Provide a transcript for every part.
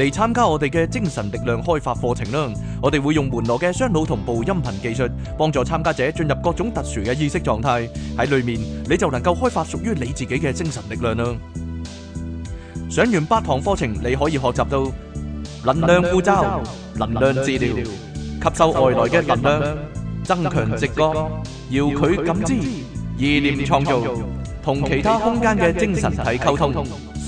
嚟參加我哋嘅精神力量開發課程啦！我哋會用門羅嘅雙腦同步音頻技術，幫助參加者進入各種特殊嘅意識狀態。喺裡面你就能夠開發屬於你自己嘅精神力量啦！上完八堂課程，你可以學習到能量護罩、能量治療、吸收外來嘅能量、增強直覺、遙距感知、意念創造、同其他空間嘅精神體溝通。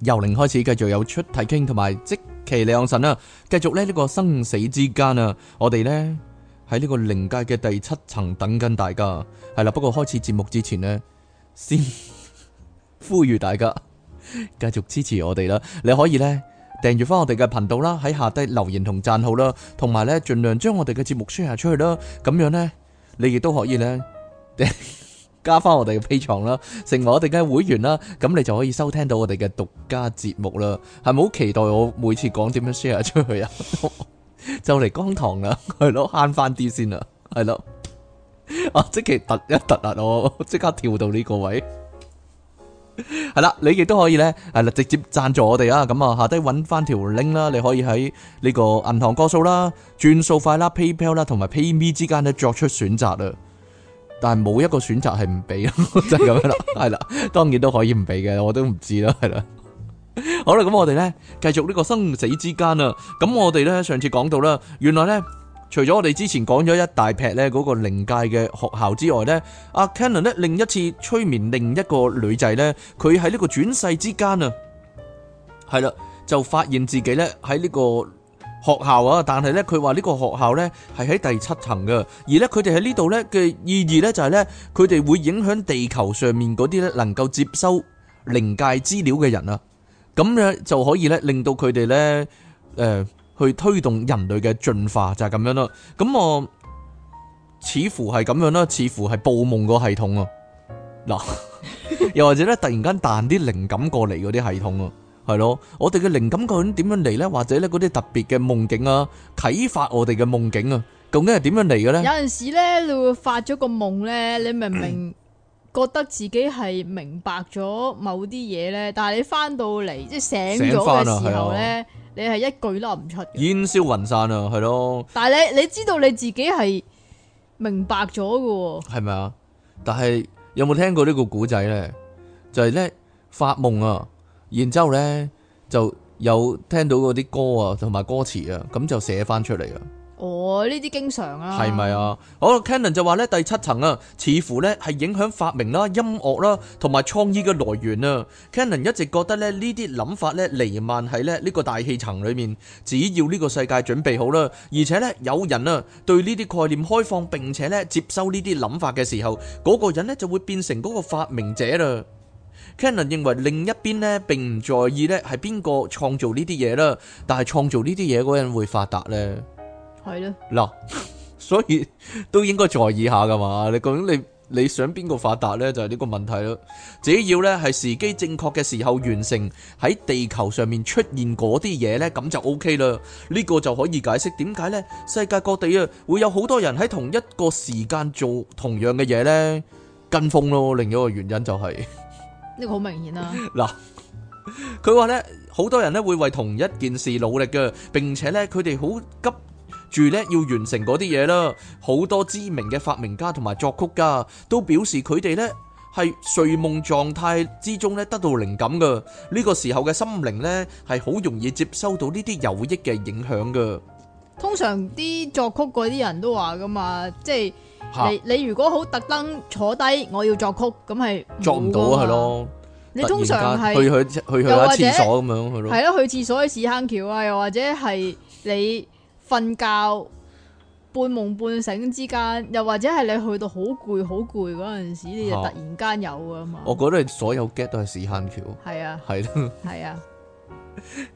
由零開始，繼續有出體傾同埋即其兩神啊！繼續咧呢、呢個生死之間啊，我哋呢喺呢個靈界嘅第七層等緊大家，係啦。不過開始節目之前呢，先 呼籲籲大家繼 續支持我哋啦。你可以呢訂閱翻我哋嘅頻道啦，喺下低留言同讚好啦，同埋呢盡量將我哋嘅節目 share 下出去啦。咁樣呢，你亦都可以咧。 加翻我哋嘅 P 床啦，成為我哋嘅會員啦，咁你就可以收聽到我哋嘅獨家節目啦。係咪好期待我每次講點樣 share 出去 啊？就嚟江堂啦，係咯慳翻啲先啦，係咯。啊即其突一突突哦，即刻跳到呢個位。係 啦，你亦都可以咧，係啦直接贊助我哋啊。咁、嗯、啊下低揾翻條 link 啦，你可以喺呢個銀行、高速啦、轉數快啦、PayPal 啦同埋 PayMe 之間咧作出選擇啊。但係冇一個選擇係唔俾。 就係咁樣啦，係啦， 當然都可以唔俾嘅，我都唔知啦，係啦。 好啦，咁我哋咧繼續呢個生死之間啊。咁我哋咧上次講到啦，原來咧除咗我哋之前講咗一大劈咧嗰個靈界嘅學校之外咧，阿 Kenan 咧另一次催眠另一個女仔咧，佢喺呢個轉世之間啊，係啦，就發現自己咧喺呢個。學校啊，但係咧，佢話呢個學校呢係喺第七層嘅，而呢，佢哋喺呢度呢嘅意義呢，就係呢，佢哋會影響地球上面嗰啲咧能夠接收靈界資料嘅人啊，咁咧就可以呢，令到佢哋呢誒去推動人類嘅進化就係、是、咁樣啦。咁我似乎係咁樣啦、呃，似乎係報夢個系統啊，嗱， 又或者呢，突然間彈啲靈感過嚟嗰啲系統啊。係咯，我哋嘅靈感究竟點樣嚟咧？或者咧嗰啲特別嘅夢境啊，啟發我哋嘅夢境啊，究竟係點樣嚟嘅咧？有陣時咧，你會發咗個夢咧，你明明覺得自己係明白咗某啲嘢咧，但係你翻到嚟即係醒咗嘅時候咧，你係一句都唔出嘅。煙消雲散啊，係咯。但係你你知道你自己係明白咗㗎，係咪啊？但係有冇聽過呢個古仔咧？就係咧發夢啊！然之後呢，就有聽到嗰啲歌啊，同埋歌詞啊，咁就寫翻出嚟啊。哦，呢啲經常啊，係咪啊？好，Cannon 就話呢第七層啊，似乎呢係影響發明啦、啊、音樂啦、啊，同埋創意嘅來源啊。Cannon 一直覺得呢，呢啲諗法呢，瀰漫喺呢呢、這個大氣層裏面。只要呢個世界準備好啦，而且呢，有人啊對呢啲概念開放並且呢接收呢啲諗法嘅時候，嗰、那個人呢就會變成嗰個發明者啦。Kenan 認為另一邊咧，並唔在意咧，係邊個創造呢啲嘢啦，但係創造呢啲嘢嗰人會發達咧，係咧嗱，所以都應該在意下噶嘛。你究竟你你想邊個發達咧，就係呢個問題咯。只要咧，係時機正確嘅時候完成喺地球上面出現嗰啲嘢咧，咁就 OK 啦。呢個就可以解釋點解咧，世界各地啊會有好多人喺同一個時間做同樣嘅嘢咧，跟風咯。另一個原因就係。呢個好明顯啊。嗱，佢話咧，好多人咧會為同一件事努力嘅，並且咧，佢哋好急住咧要完成嗰啲嘢啦。好多知名嘅發明家同埋作曲家都表示，佢哋咧係睡夢狀態之中咧得到靈感噶。呢個時候嘅心靈咧係好容易接收到呢啲有益嘅影響噶。通常啲作曲嗰啲人都話噶嘛，即係。.你你如果好特登坐低，我要作曲，咁係作唔到係咯。你通常係去去去去下廁所咁樣去咯。係咯，去廁所係屎坑橋啊，又或者係你瞓覺半夢半醒之間，又或者係你去到好攰好攰嗰陣時，你就突然間有噶嘛。我覺得你所有 get 都係屎坑橋。係啊，係咯了，係啊。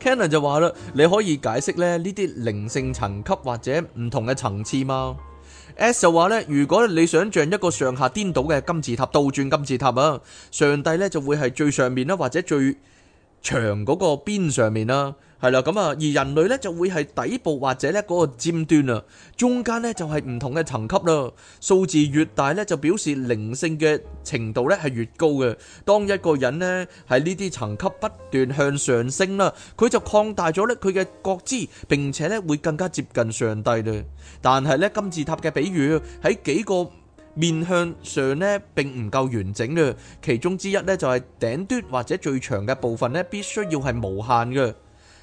Canon 就話啦，你可以解釋咧呢啲靈性層級或者唔同嘅層次嗎？S 就話咧，如果你想像一個上下顛倒嘅金字塔、倒轉金字塔啊，上帝咧就會係最上面啦，或者最長嗰個邊上面啦。係啦，咁啊，而人類呢就會係底部或者呢嗰個尖端啊，中間呢就係唔同嘅層級啦。數字越大呢，就表示靈性嘅程度呢係越高嘅。當一個人呢喺呢啲層級不斷向上升啦，佢就擴大咗呢佢嘅覺知，並且呢會更加接近上帝嘅。但係呢金字塔嘅比喻喺幾個面向上呢並唔夠完整嘅，其中之一呢就係頂端或者最長嘅部分呢必須要係無限嘅。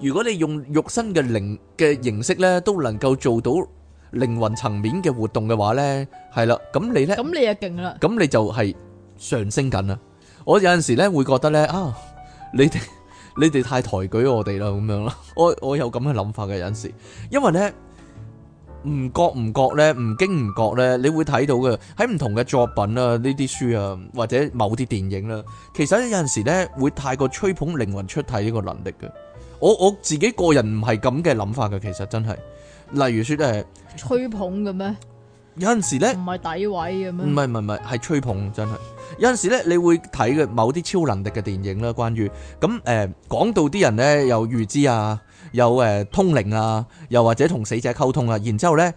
如果你用肉身嘅靈嘅形式咧，都能夠做到靈魂層面嘅活動嘅話咧，係啦，咁你咧，咁你啊勁啦，咁你就係上升緊啦。我有陣時咧會覺得咧啊，你哋你哋太抬舉我哋啦，咁樣啦，我我有咁嘅諗法嘅有陣時，因為咧唔覺唔覺咧，唔經唔覺咧，你會睇到嘅喺唔同嘅作品啦、啊，呢啲書啊，或者某啲電影啦、啊，其實有陣時咧會太過吹捧靈魂出體呢個能力嘅。我我自己個人唔係咁嘅諗法嘅，其實真係，例如說誒，吹捧嘅咩？有陣時咧，唔係詆毀嘅咩？唔係唔係唔係，係吹捧真係。有陣時咧，你會睇嘅某啲超能力嘅電影啦，關於咁誒，講、嗯、到啲人咧有預知啊，有誒通靈啊，又或者同死者溝通啊，然之後咧，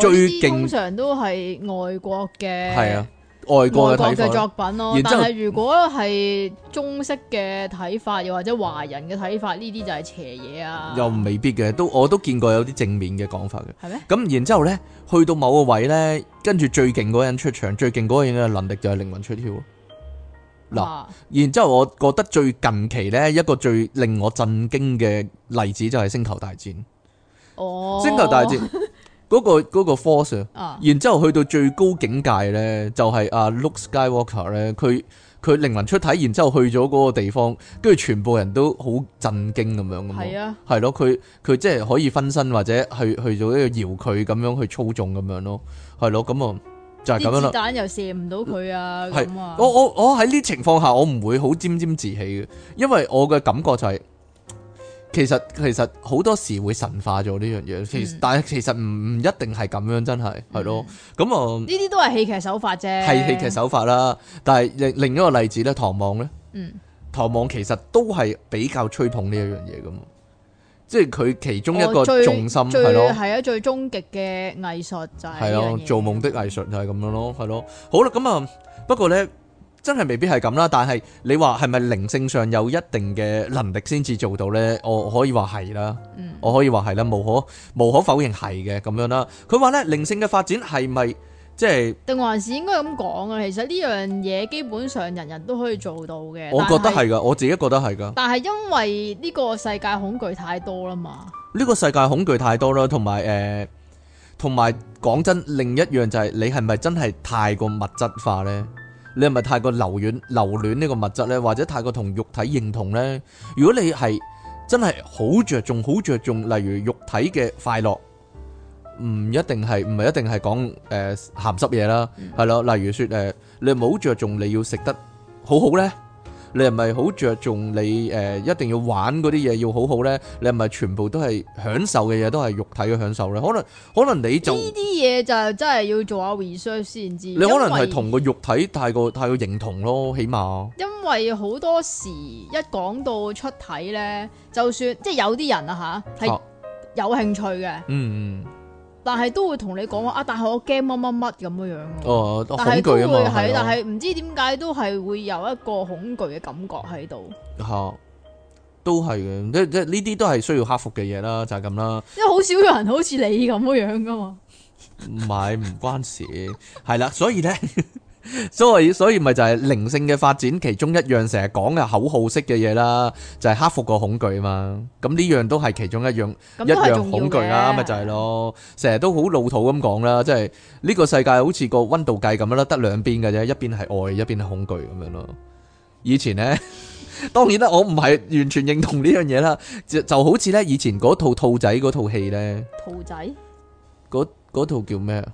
這最勁，通常都係外國嘅，係啊。外國嘅作品咯，啊，後但係如果係中式嘅睇法，又或者華人嘅睇法，呢啲就係邪嘢啊！又未必嘅，都我都見過有啲正面嘅講法嘅。係咩嗎？咁然之後咧，去到某個位呢，跟住最勁嗰個人出場，最勁嗰個人嘅能力就係靈魂出竅嗱，啊、然之後我覺得最近期呢，一個最令我震驚嘅例子就係《星球大戰》。哦，星球大戰。 嗰個嗰個 force，啊，然之後去到最高境界呢，就係阿 Luke Skywalker 呢。佢佢靈魂出體，然之後去咗嗰個地方，跟住全部人都好震驚咁樣咁。係啊，係咯，佢佢即係可以分身或者去去做一個搖佢咁樣去操縱咁樣咯，係咯，咁啊就係咁樣啦。彈又射唔到佢啊，咁啊，咁樣，我我我喺呢情況下，我唔會好沾沾自喜嘅，因為我嘅感覺就係。其實其實好多時會神化咗呢樣嘢，其但係其實唔唔一定係咁樣，真係係咯。咁啊，呢啲都係戲劇手法啫，係戲劇手法啦。但係另另一個例子咧，唐望咧，嗯，唐望其實都係比較吹捧呢一樣嘢㗎嘛，即係佢其中一個重心係咯，係啊，最終極嘅藝術就係係啊，做夢的藝術就係咁樣咯，係咯。好啦，咁啊，不過咧。真係未必係咁啦，但係你話係咪靈性上有一定嘅能力先至做到呢？我可以話係啦，嗯、我可以話係啦，無可無可否認係嘅咁樣啦。佢話呢，靈性嘅發展係咪即係？定、就是、還是應該咁講啊？其實呢樣嘢基本上人人都可以做到嘅。我覺得係噶，是我自己覺得係噶。但係因為呢個世界恐懼太多啦嘛，呢個世界恐懼太多啦，同埋誒，同埋講真，另一樣就係、是、你係咪真係太過物質化呢？你係咪太過留戀留戀呢個物質咧，或者太過同肉體認同咧？如果你係真係好着重，好着重，例如肉體嘅快樂，唔一定係唔係一定係講誒鹹濕嘢啦，係咯，例如説誒、呃，你冇着重你要食得好好咧。你係咪好着重你誒、呃、一定要玩嗰啲嘢要好好咧？你係咪全部都係享受嘅嘢都係肉體嘅享受咧？可能可能你就呢啲嘢就真係要做下 research 先知。你可能係同個肉體太過太過認同咯，起碼因為好多時一講到出體咧，就算即係有啲人啊吓係、啊、有興趣嘅，嗯嗯。但係都會同你講話啊！但係我驚乜乜乜咁樣樣，哦，但恐懼啊嘛。是但係唔知點解都係會有一個恐懼嘅感覺喺度。吓、啊，都係嘅，即即呢啲都係需要克服嘅嘢啦，就係咁啦。因為好少有人好似你咁樣樣噶嘛。唔係，唔關事。係啦， 所以咧。 所以所以咪就係靈性嘅發展，其中一樣成日講嘅口號式嘅嘢啦，就係克服個恐懼啊嘛。咁呢樣都係其中一樣，一樣恐懼啦，咪就係咯。成日都好老土咁講啦，即係呢個世界好似個溫度計咁樣啦，得兩邊嘅啫，一邊係愛，一邊係恐懼咁樣咯。以前呢，當然啦，我唔係完全認同呢樣嘢啦，就就好似呢以前嗰套兔仔嗰套戲呢，兔仔，嗰嗰套叫咩啊？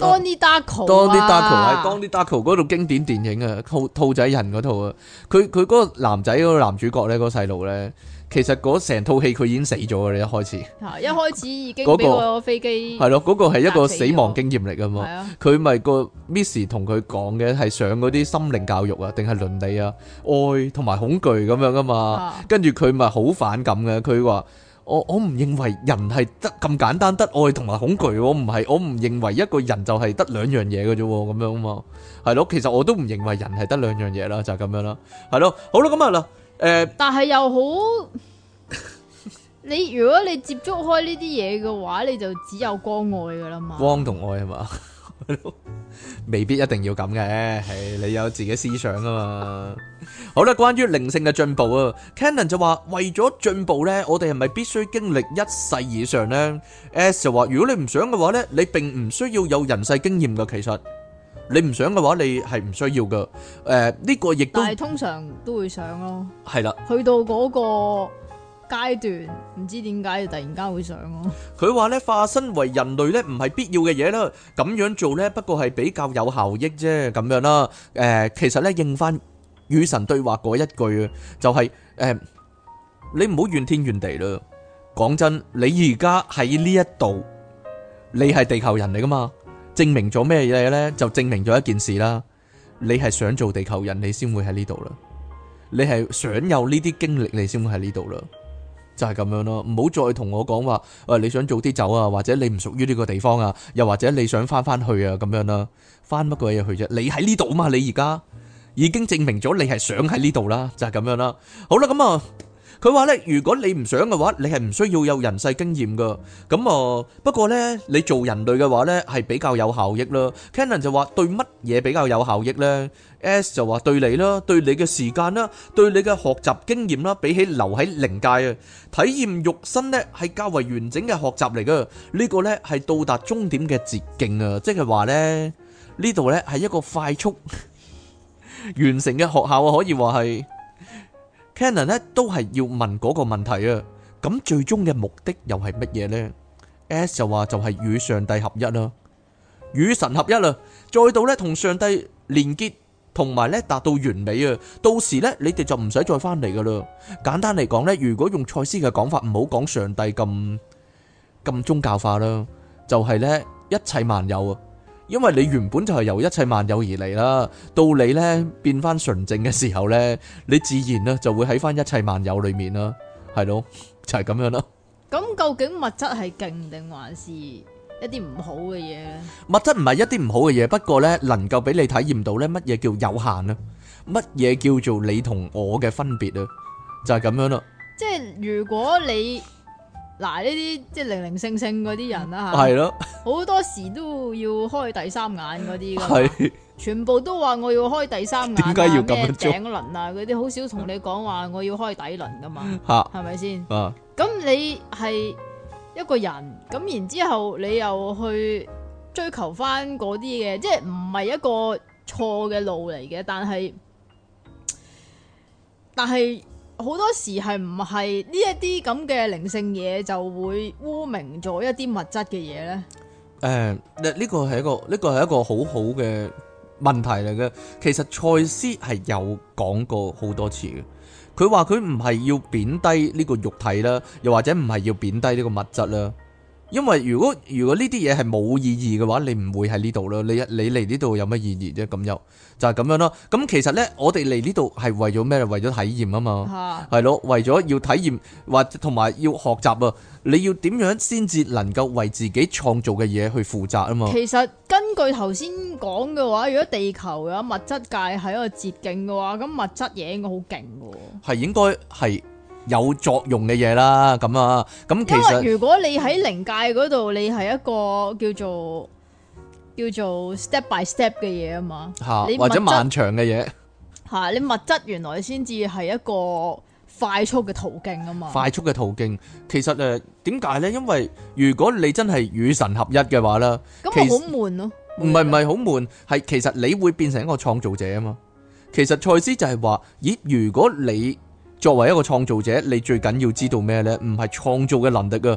Donnie Darko 啊！Donnie Darko 係 Donnie Darko 嗰套經典電影啊，兔兔仔人嗰套啊，佢佢嗰個男仔嗰個男主角咧，嗰個細路咧，其實嗰成套戲佢已經死咗嘅，你一開始，係、啊、一開始已經俾個飛機，係咯、嗰個，嗰個係一個死亡經驗嚟啊嘛，佢咪、啊、個 miss 同佢講嘅係上嗰啲心靈教育啊，定係倫理啊，愛同埋恐懼咁樣啊嘛，跟住佢咪好反感嘅，佢話。我我唔認為人係得咁簡單得愛同埋恐懼，我唔係我唔認為一個人就係得兩樣嘢嘅啫喎，咁樣啊嘛，係咯，其實我都唔認為人係得兩樣嘢啦，就係、是、咁樣啦，係咯，好啦，咁啊啦，誒、呃，但係又好， 你如果你接觸開呢啲嘢嘅話，你就只有光愛嘅啦嘛，光同愛係嘛？係咯，未必一定要咁嘅，係你有自己思想啊嘛。好啦，關於靈性嘅進步啊，Canon 就話，為咗進步呢，我哋係咪必須經歷一世以上呢？S 就話，如果你唔想嘅話呢，你並唔需要有人世經驗噶。其實你唔想嘅話，你係唔需要噶。誒，呢個亦都係，但係通常都會想咯。係啦，去到嗰個階段唔知點解，突然間會上。佢話咧，化身為人類咧，唔係必要嘅嘢啦。咁樣做咧，不過係比較有效益啫。咁樣啦，誒，其實咧應翻與神對話嗰一句啊，就係誒，你唔好怨天怨地啦。講真，你而家喺呢一度，你係地球人嚟噶嘛？證明咗咩嘢咧？就證明咗一件事啦。你係想做地球人，你先會喺呢度啦。你係想有呢啲經歷，你先會喺呢度啦。就係咁樣咯，唔好再同我講話，誒，啊，你想早啲走啊，或者你唔屬於呢個地方啊，又或者你想翻翻去啊咁樣啦，翻乜鬼嘢去啫？你喺呢度啊嘛，你而家已經證明咗你係想喺呢度啦，就係、是、咁樣啦。好啦，咁啊。佢話咧，如果你唔想嘅話，你係唔需要有人世經驗噶。咁啊，不過咧，你做人類嘅話咧，係比較有效益囉。Canon 就話對乜嘢比較有效益咧？S 就話對你啦，對你嘅時間啦，對你嘅學習經驗啦，比起留喺靈界啊，體驗肉身咧係較為完整嘅學習嚟㗎。呢個咧係到達終點嘅捷徑啊！即係話咧，呢度咧係一個快速完成嘅學校啊，可以話係。Canon 咧都係要問嗰個問題啊，咁最終嘅目的又係乜嘢呢？S 就話就係與上帝合一啦，與神合一啦，再到咧同上帝連結，同埋咧達到完美啊！到時咧你哋就唔使再翻嚟噶啦。簡單嚟講咧，如果用賽斯嘅講法，唔好講上帝咁咁宗教化啦，就係咧一切萬有啊。因為你原本就係由一切萬有而嚟啦，到你呢變翻純正嘅時候呢，你自然呢就會喺翻一切萬有裏面啦，係咯，就係咁樣咯。咁究竟物質係勁定還是一啲唔好嘅嘢呢？物質唔係一啲唔好嘅嘢，不過呢能夠俾你體驗到呢乜嘢叫有限啊，乜嘢叫做你同我嘅分別啊，就係咁樣咯。即係如果你。嗱，呢啲即係零零星星嗰啲人啦吓，好是的 多時都要開第三眼嗰啲噶， 是的 全部都話我要開第三眼啊，點解要咁樣做？咩頂輪啊？嗰啲好少同你講話，我要開底輪噶嘛？吓 吧，係咪先？咁你係一個人，咁然之後你又去追求翻嗰啲嘅，即係唔係一個錯嘅路嚟嘅，但係但係。好多時係唔係呢一啲咁嘅靈性嘢就會污名咗一啲物質嘅嘢咧？誒、呃，呢個係一個呢個係一個好好嘅問題嚟嘅。其實賽斯係有講過好多次嘅，佢話佢唔係要貶低呢個肉體啦，又或者唔係要貶低呢個物質啦。因為如果如果呢啲嘢係冇意義嘅話，你唔會喺呢度咯。你你嚟呢度有乜意義啫？咁又就係咁樣咯。咁其實呢，我哋嚟呢度係為咗咩？係為咗體驗啊嘛。係咯，為咗要體驗，或同埋要學習啊。你要點樣先至能夠為自己創造嘅嘢去負責啊嘛？其實根據頭先講嘅話，如果地球嘅物質界係一個捷徑嘅話，咁物質嘢應該好勁嘅。係應該係。有作用嘅嘢啦，咁啊，咁其實如果你喺靈界嗰度，你係一個叫做叫做 step by step 嘅嘢啊嘛，吓或者漫長嘅嘢，吓你物質原來先至係一個快速嘅途徑啊嘛，快速嘅途徑其實誒點解呢？因為如果你真係與神合一嘅話咧，咁我好悶咯，唔係唔係好悶，係其實你會變成一個創造者啊嘛，其實賽斯就係話，咦如果你。作為一個創造者，你最緊要知道咩呢？唔係創造嘅能力啊，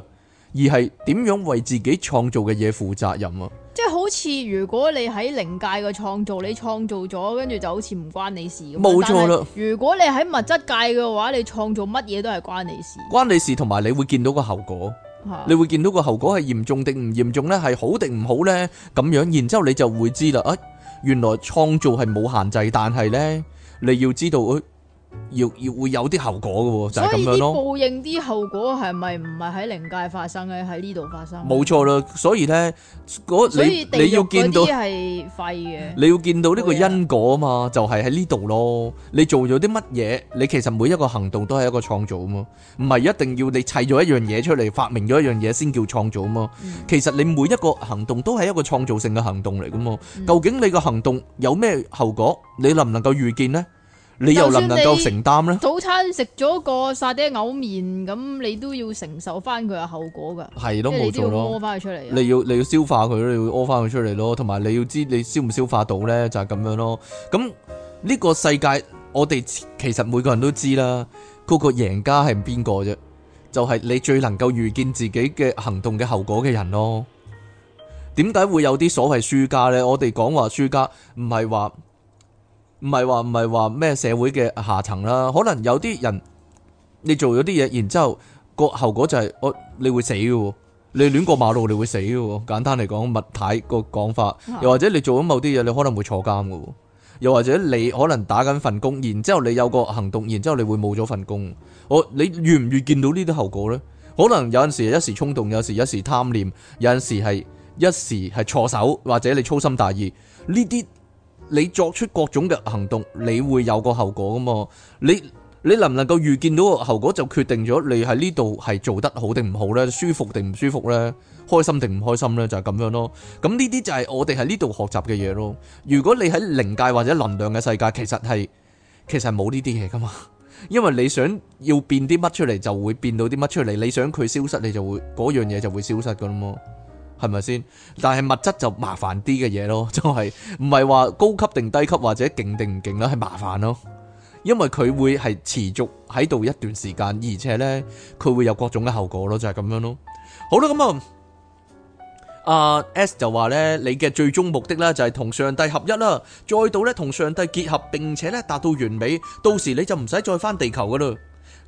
而係點樣為自己創造嘅嘢負責任啊！即係好似如果你喺靈界嘅創造，你創造咗，跟住就好似唔關你事咁。冇錯啦！如果你喺物質界嘅話，你創造乜嘢都係關你事。關你事，同埋你會見到個後果。啊、你會見到個後果係嚴重定唔嚴重呢？係好定唔好呢？咁樣，然之後你就會知啦。誒、啊，原來創造係冇限制，但係呢，你要知道。要要會有啲後果嘅，就係咁樣咯。所以啲報應啲後果係咪唔係喺靈界發生嘅？喺呢度發生。冇錯啦，所以咧，嗰你你要見到係廢嘅。你要見到呢個因果啊嘛，就係喺呢度咯。你做咗啲乜嘢？你其實每一個行動都係一個創造啊嘛，唔係一定要你砌咗一樣嘢出嚟，發明咗一樣嘢先叫創造啊嘛。其實你每一個行動都係一個創造性嘅行動嚟噶嘛。究竟你個行動有咩後果？你能唔能夠預見呢？你又能唔能夠承擔咧？早餐食咗個沙爹牛麵咁，你都要承受翻佢嘅後果噶。係咯，冇錯咯。你要你要消化佢，你要屙翻佢出嚟咯。同埋你要知你消唔消化到咧，就係咁樣咯。咁呢個世界，我哋其實每個人都知啦，嗰個贏家係邊個啫？就係你最能夠預見自己嘅行動嘅後果嘅人咯。點解會有啲所謂輸家咧？我哋講話輸家，唔係話。唔係話唔係話咩社會嘅下層啦，可能有啲人你做咗啲嘢，然之後個後果就係、是、我你會死嘅，你亂過馬路你會死嘅。簡單嚟講，物體個講法，又或者你做咗某啲嘢，你可能會坐監嘅。又或者你可能打緊份工，然之後你有個行動，然之後你會冇咗份工。我你遇唔遇見到呢啲後果呢？可能有陣時一時衝動，有時一時貪念，有陣時係一時係錯手，或者你粗心大意呢啲。你作出各種嘅行動，你會有個後果噶嘛？你你能唔能夠預見到個後果，就決定咗你喺呢度係做得好定唔好呢？舒服定唔舒服呢？開心定唔開心呢？就係咁樣咯。咁呢啲就係我哋喺呢度學習嘅嘢咯。如果你喺靈界或者能量嘅世界，其實係其實係冇呢啲嘢噶嘛。因為你想要變啲乜出嚟，就會變到啲乜出嚟。你想佢消失，你就會嗰樣嘢就會消失噶啦嘛。係咪先？但係物質就麻煩啲嘅嘢咯，就係唔係話高級定低級或者勁定唔勁啦，係麻煩咯。因為佢會係持續喺度一段時間，而且呢佢會有各種嘅後果咯，就係咁樣咯。好啦，咁啊，阿 S 就話呢，你嘅最終目的呢就係同上帝合一啦，再到呢同上帝結合，並且呢達到完美，到時你就唔使再返地球噶啦。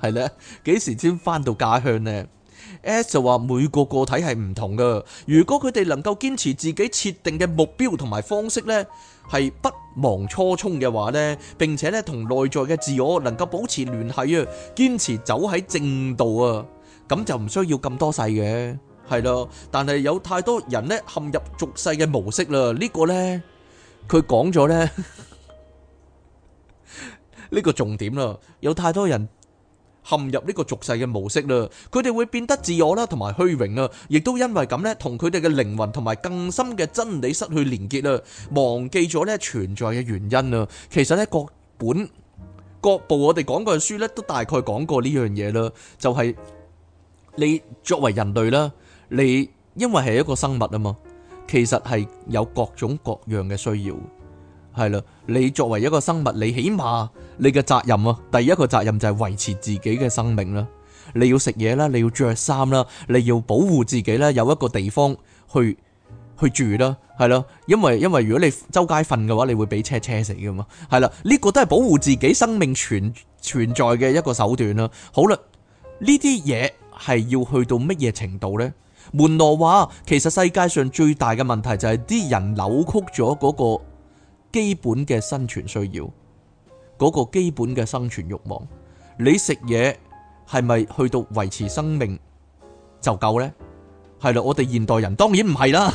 係咧，幾時先翻到家鄉咧？S 就話每個個體係唔同噶，如果佢哋能夠堅持自己設定嘅目標同埋方式咧，係不忘初衷嘅話咧，並且咧同內在嘅自我能夠保持聯繫啊，堅持走喺正道啊，咁就唔需要咁多世嘅，係咯。但係有太多人咧陷入俗世嘅模式啦，呢個咧佢講咗咧呢個重點啦，有太多人。陷入呢個俗世嘅模式啦，佢哋會變得自我啦，同埋虛榮啊，亦都因為咁呢，同佢哋嘅靈魂同埋更深嘅真理失去連結啊，忘記咗呢存在嘅原因啊。其實呢，各本各部我哋講過嘅書呢，都大概講過呢樣嘢啦，就係你作為人類啦，你因為係一個生物啊嘛，其實係有各種各樣嘅需要。係啦，你作為一個生物，你起碼你嘅責任啊，第一個責任就係維持自己嘅生命啦。你要食嘢啦，你要着衫啦，你要保護自己啦，有一個地方去去住啦，係咯。因為因為如果你周街瞓嘅話，你會俾車車死㗎嘛。係啦，呢個都係保護自己生命存存在嘅一個手段啦。好啦，呢啲嘢係要去到乜嘢程度呢？門羅話，其實世界上最大嘅問題就係啲人扭曲咗嗰個基本嘅生存需要，嗰個基本嘅生存欲望，你食嘢係咪去到維持生命就夠呢？係啦，我哋現代人當然唔係啦。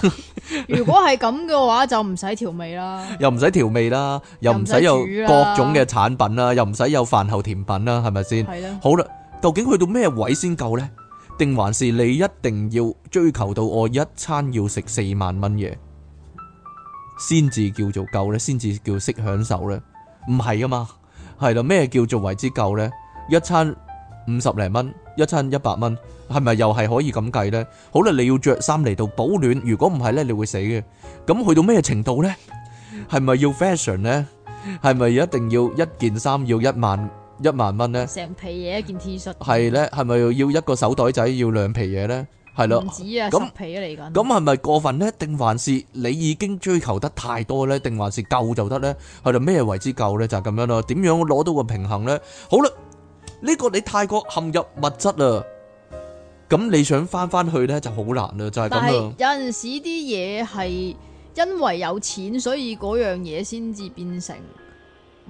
如果係咁嘅話，就唔使調味啦，又唔使調味啦，又唔使有各種嘅產品啦，又唔使有飯後甜品啦，係咪先？係啦。好啦，究竟去到咩位先夠呢？定還是你一定要追求到我一餐要食四萬蚊嘢？先至叫做夠咧，先至叫識享受咧，唔係啊嘛，係喇，咩叫做為之夠咧？一餐五十零蚊，一餐一百蚊，係咪又係可以咁計咧？好啦，你要著衫嚟到保暖，如果唔係咧，你會死嘅。咁去到咩程度咧？係咪要 fashion 咧？係咪一定要一件衫要一萬一萬蚊咧？成皮嘢一件 T 恤。係咧，係咪要一個手袋仔要兩皮嘢咧？係咯，咁咁係咪過分呢？定還是你已經追求得太多呢？定還是夠就得呢？係啦，咩為之夠呢？就係咁樣咯。點樣攞到個平衡呢？好啦，呢個你太過陷入物質啦，咁你想翻翻去呢就好難啦，就係咁樣。有陣時啲嘢係因為有錢，所以嗰樣嘢先至變成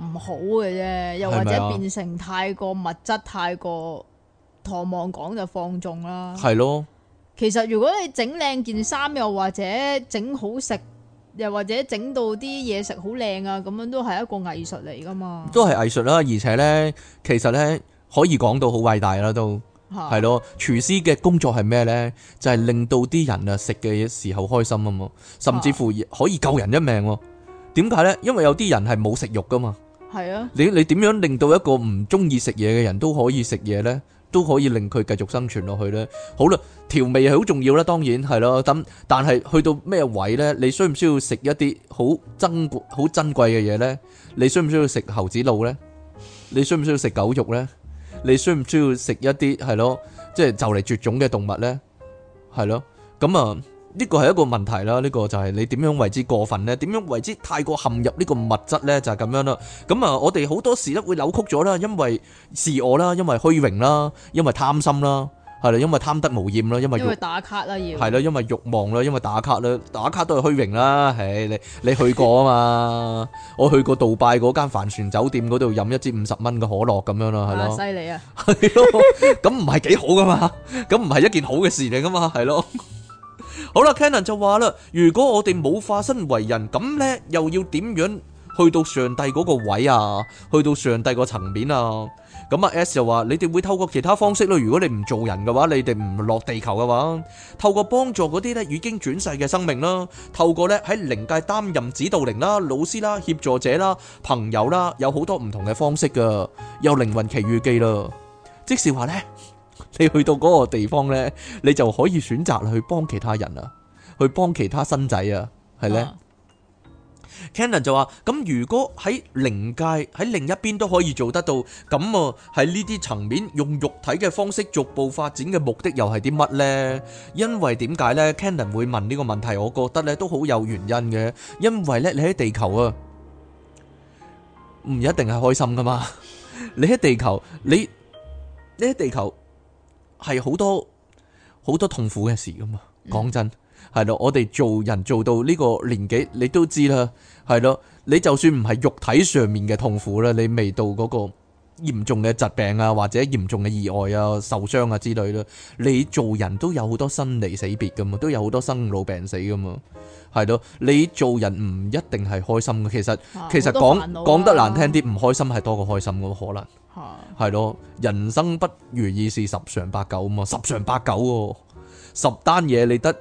唔好嘅啫，又或者變成太過物質、太過堂皇講就放縱啦。係咯。其實如果你整靚件衫，又或者整好食，又或者整到啲嘢食好靚啊，咁樣都係一個藝術嚟噶嘛。都係藝術啦，而且呢，其實呢可以講到好偉大啦，都係咯。廚師嘅工作係咩呢？就係令到啲人啊食嘅時候開心啊嘛，甚至乎可以救人一命。點解呢？因為有啲人係冇食肉噶嘛。係啊。你你點樣令到一個唔中意食嘢嘅人都可以食嘢呢？都可以令佢繼續生存落去咧。好啦，調味係好重要啦，當然係咯。咁但係去到咩位呢？你需唔需要食一啲好珍好珍貴嘅嘢呢？你需唔需要食猴子腦呢？你需唔需要食狗肉呢？你需唔需要食一啲係咯，即係就嚟、是、絕種嘅動物呢？係咯，咁啊。呢個係一個問題啦，呢個就係你點樣為之過分咧？點樣為之太過陷入呢個物質咧？就係咁樣啦。咁啊，我哋好多時都會扭曲咗啦，因為自我啦，因為虛榮啦，因為貪心啦，係啦，因為貪得無厭啦，因為打卡啦，係啦，因為慾望啦，因為打卡啦，打卡都係虛榮啦。係，你你去過啊嘛？我去過杜拜嗰間帆船酒店嗰度飲一支五十蚊嘅可樂咁樣啦，係咯，犀利啊！係咯，咁唔係幾好噶嘛？咁唔係一件好嘅事嚟噶嘛？係咯。好啦，Canon 就話啦，如果我哋冇化身為人，咁呢又要點樣去到上帝嗰個位啊？去到上帝個層面啊？咁啊 S 就話，你哋會透過其他方式咯。如果你唔做人嘅話，你哋唔落地球嘅話，透過幫助嗰啲呢已經轉世嘅生命啦，透過呢喺靈界擔任指導靈啦、老師啦、協助者啦、朋友啦，有好多唔同嘅方式噶。有靈魂奇遇記啦，即是話呢。你去到嗰個地方呢，你就可以選擇去幫其他人啊，去幫其他新仔啊，係呢。Cannon 就話：咁如果喺靈界喺另一邊都可以做得到，咁喎喺呢啲層面用肉體嘅方式逐步發展嘅目的又係啲乜呢？因為點解呢？Cannon 會問呢個問題，我覺得呢都好有原因嘅，因為呢你喺地球啊，唔一定係開心噶嘛。你喺地球，你你喺地球。係好多好多痛苦嘅事噶嘛，講真，係咯，嗯，我哋做人做到呢個年紀，你都知啦，係咯，你就算唔係肉體上面嘅痛苦啦，你未到嗰個嚴重嘅疾病啊，或者嚴重嘅意外啊、受傷啊之類啦，你做人都有好多生離死別噶嘛，都有好多生老病死噶嘛，係咯，你做人唔一定係開心嘅，其實哇其實講講得難聽啲，啊，唔開心係多過開心噶可能。係咯，人生不如意事十常八九啊嘛，十常八九喎，十單嘢你得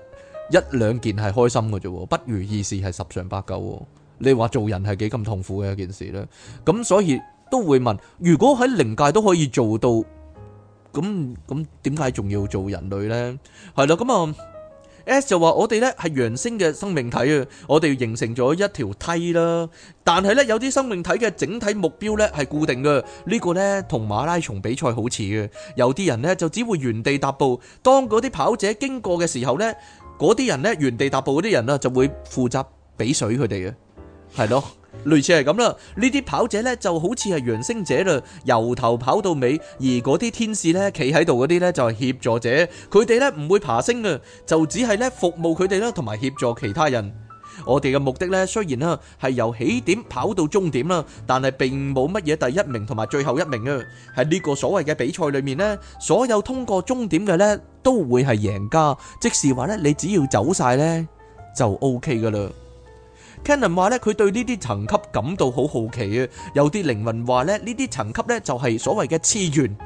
一兩件係開心㗎啫，不如意事係十常八九，你話做人係幾咁痛苦嘅一件事咧？咁所以都會問，如果喺靈界都可以做到，咁咁點解仲要做人類呢？係啦，咁啊。S 就話我哋咧，係揚升嘅生命體啊，我哋形成咗一條梯。啦，但係咧有啲生命體嘅整體目標咧係固定嘅，呢個咧同馬拉松比賽好似嘅。有啲人咧就只會原地踏步，當嗰啲跑者經過嘅時候咧，嗰啲人咧原地踏步嗰啲人啊就會負責俾水佢哋嘅，係咯。類似係咁啦，呢啲跑者咧就好似係揚升者啦，由頭跑到尾；而嗰啲天使咧，企喺度嗰啲咧就係協助者，佢哋咧唔會爬升嘅，就只係咧服務佢哋啦，同埋協助其他人。我哋嘅目的咧，雖然啊係由起點跑到終點啦，但係並冇乜嘢第一名同埋最後一名啊。喺呢個所謂嘅比賽裏面咧，所有通過終點嘅咧都會係贏家，即是話咧你只要走晒咧就 OK 噶啦。Cannon 話咧，佢對呢啲層級感到好好奇啊！有啲靈魂話咧，呢啲層級咧就係所謂嘅次元，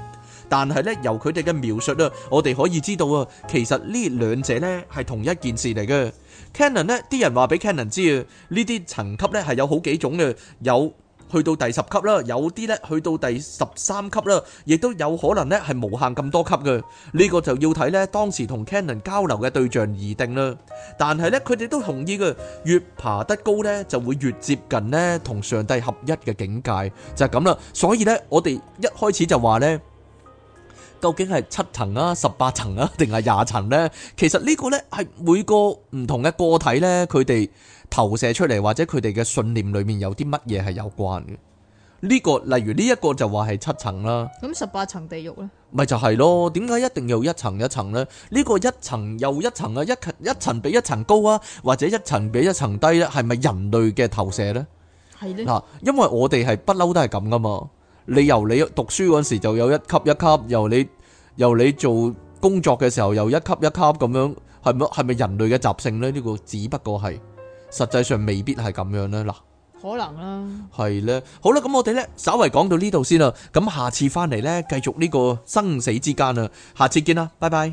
但係咧由佢哋嘅描述啊，我哋可以知道啊，其實呢兩者咧係同一件事嚟嘅。Cannon 呢啲人話俾 Cannon 知啊，呢啲層級咧係有好幾種嘅，有，去到第十級啦，有啲咧去到第十三級啦，亦都有可能咧係無限咁多級嘅。呢個就要睇呢當時同 Canon 交流嘅對象而定啦。但係呢，佢哋都同意嘅，越爬得高呢，就會越接近呢同上帝合一嘅境界，就係咁啦。所以呢，我哋一開始就話呢，究竟係七層啊、十八層啊，定係廿層呢？其實呢個呢，係每個唔同嘅個體呢，佢哋。投射出嚟，或者佢哋嘅信念裏面有啲乜嘢係有關嘅？呢、這個例如呢一個就話係七層啦，咁十八層地獄呢？咪就係咯。點解一定要一層一層呢？呢、這個一層又一層啊，一一層比一層高啊，或者一層比一層低咧、啊？係咪人類嘅投射呢？係咧嗱，因為我哋係不嬲都係咁噶嘛。你由你讀書嗰時就有一級一級，由你由你做工作嘅時候又一級一級咁樣，係咪係咪人類嘅習性呢？呢、這個只不過係。實際上未必係咁樣啦。嗱，可能啦、啊，係咧，好啦，咁我哋咧稍為講到呢度先啦，咁下次翻嚟咧繼續呢個生死之間啊，下次見啦，拜拜。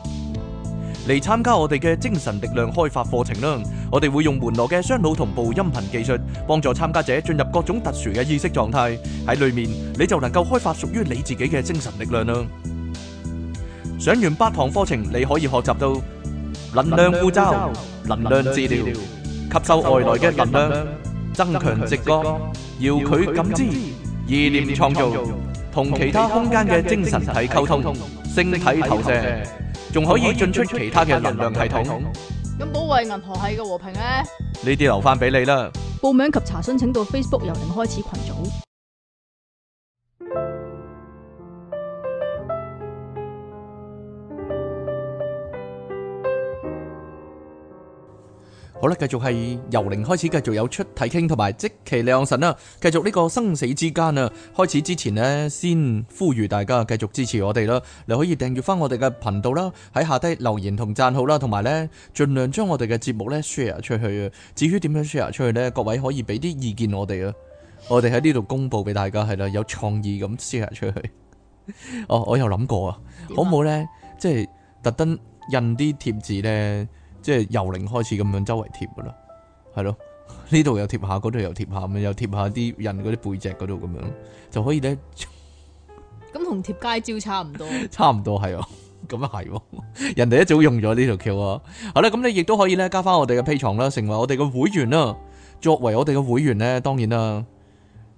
嚟參加我哋嘅精神力量開發課程啦！我哋會用門羅嘅雙腦同步音頻技術，幫助參加者進入各種特殊嘅意識狀態。喺裏面你就能夠開發屬於你自己嘅精神力量啦！上完八堂課程，你可以學習到能量呼召、能量治療、吸收外來嘅能量、增強直覺、遙距感知、意念創造、同其他空間嘅精神體溝通、星體投射。仲可以進出其他嘅能量系統。咁，保衛銀河系嘅和平咧。呢啲留翻俾你啦。報名及查詢請到 Facebook 由零開始群組。好啦，繼續係由零開始，繼續有出體傾同埋即其量神啦。繼續呢個生死之間啊！開始之前呢，先呼籲大家繼續支持我哋啦。你可以訂閱翻我哋嘅頻道啦，喺下低留言同讚好啦，同埋呢，盡量將我哋嘅節目呢 share 出去啊。至於點樣 share 出去呢？各位可以俾啲意見我哋啊。我哋喺呢度公布俾大家係啦，有創意咁 share 出去。 哦，我有諗過啊，樣好唔好呢？即係特登印啲貼紙呢。即係由零開始咁樣周圍貼噶啦，係咯，呢度又貼下，嗰度又貼下，咁又貼下啲人嗰啲背脊嗰度咁樣，就可以咧。咁同貼街招差唔多， 差唔多係哦。咁啊係，人哋一早用咗呢條橋啊。好啦，咁你亦都可以咧加翻我哋嘅 P 床，啦，成為我哋嘅會員啦。作為我哋嘅會員咧，當然啦。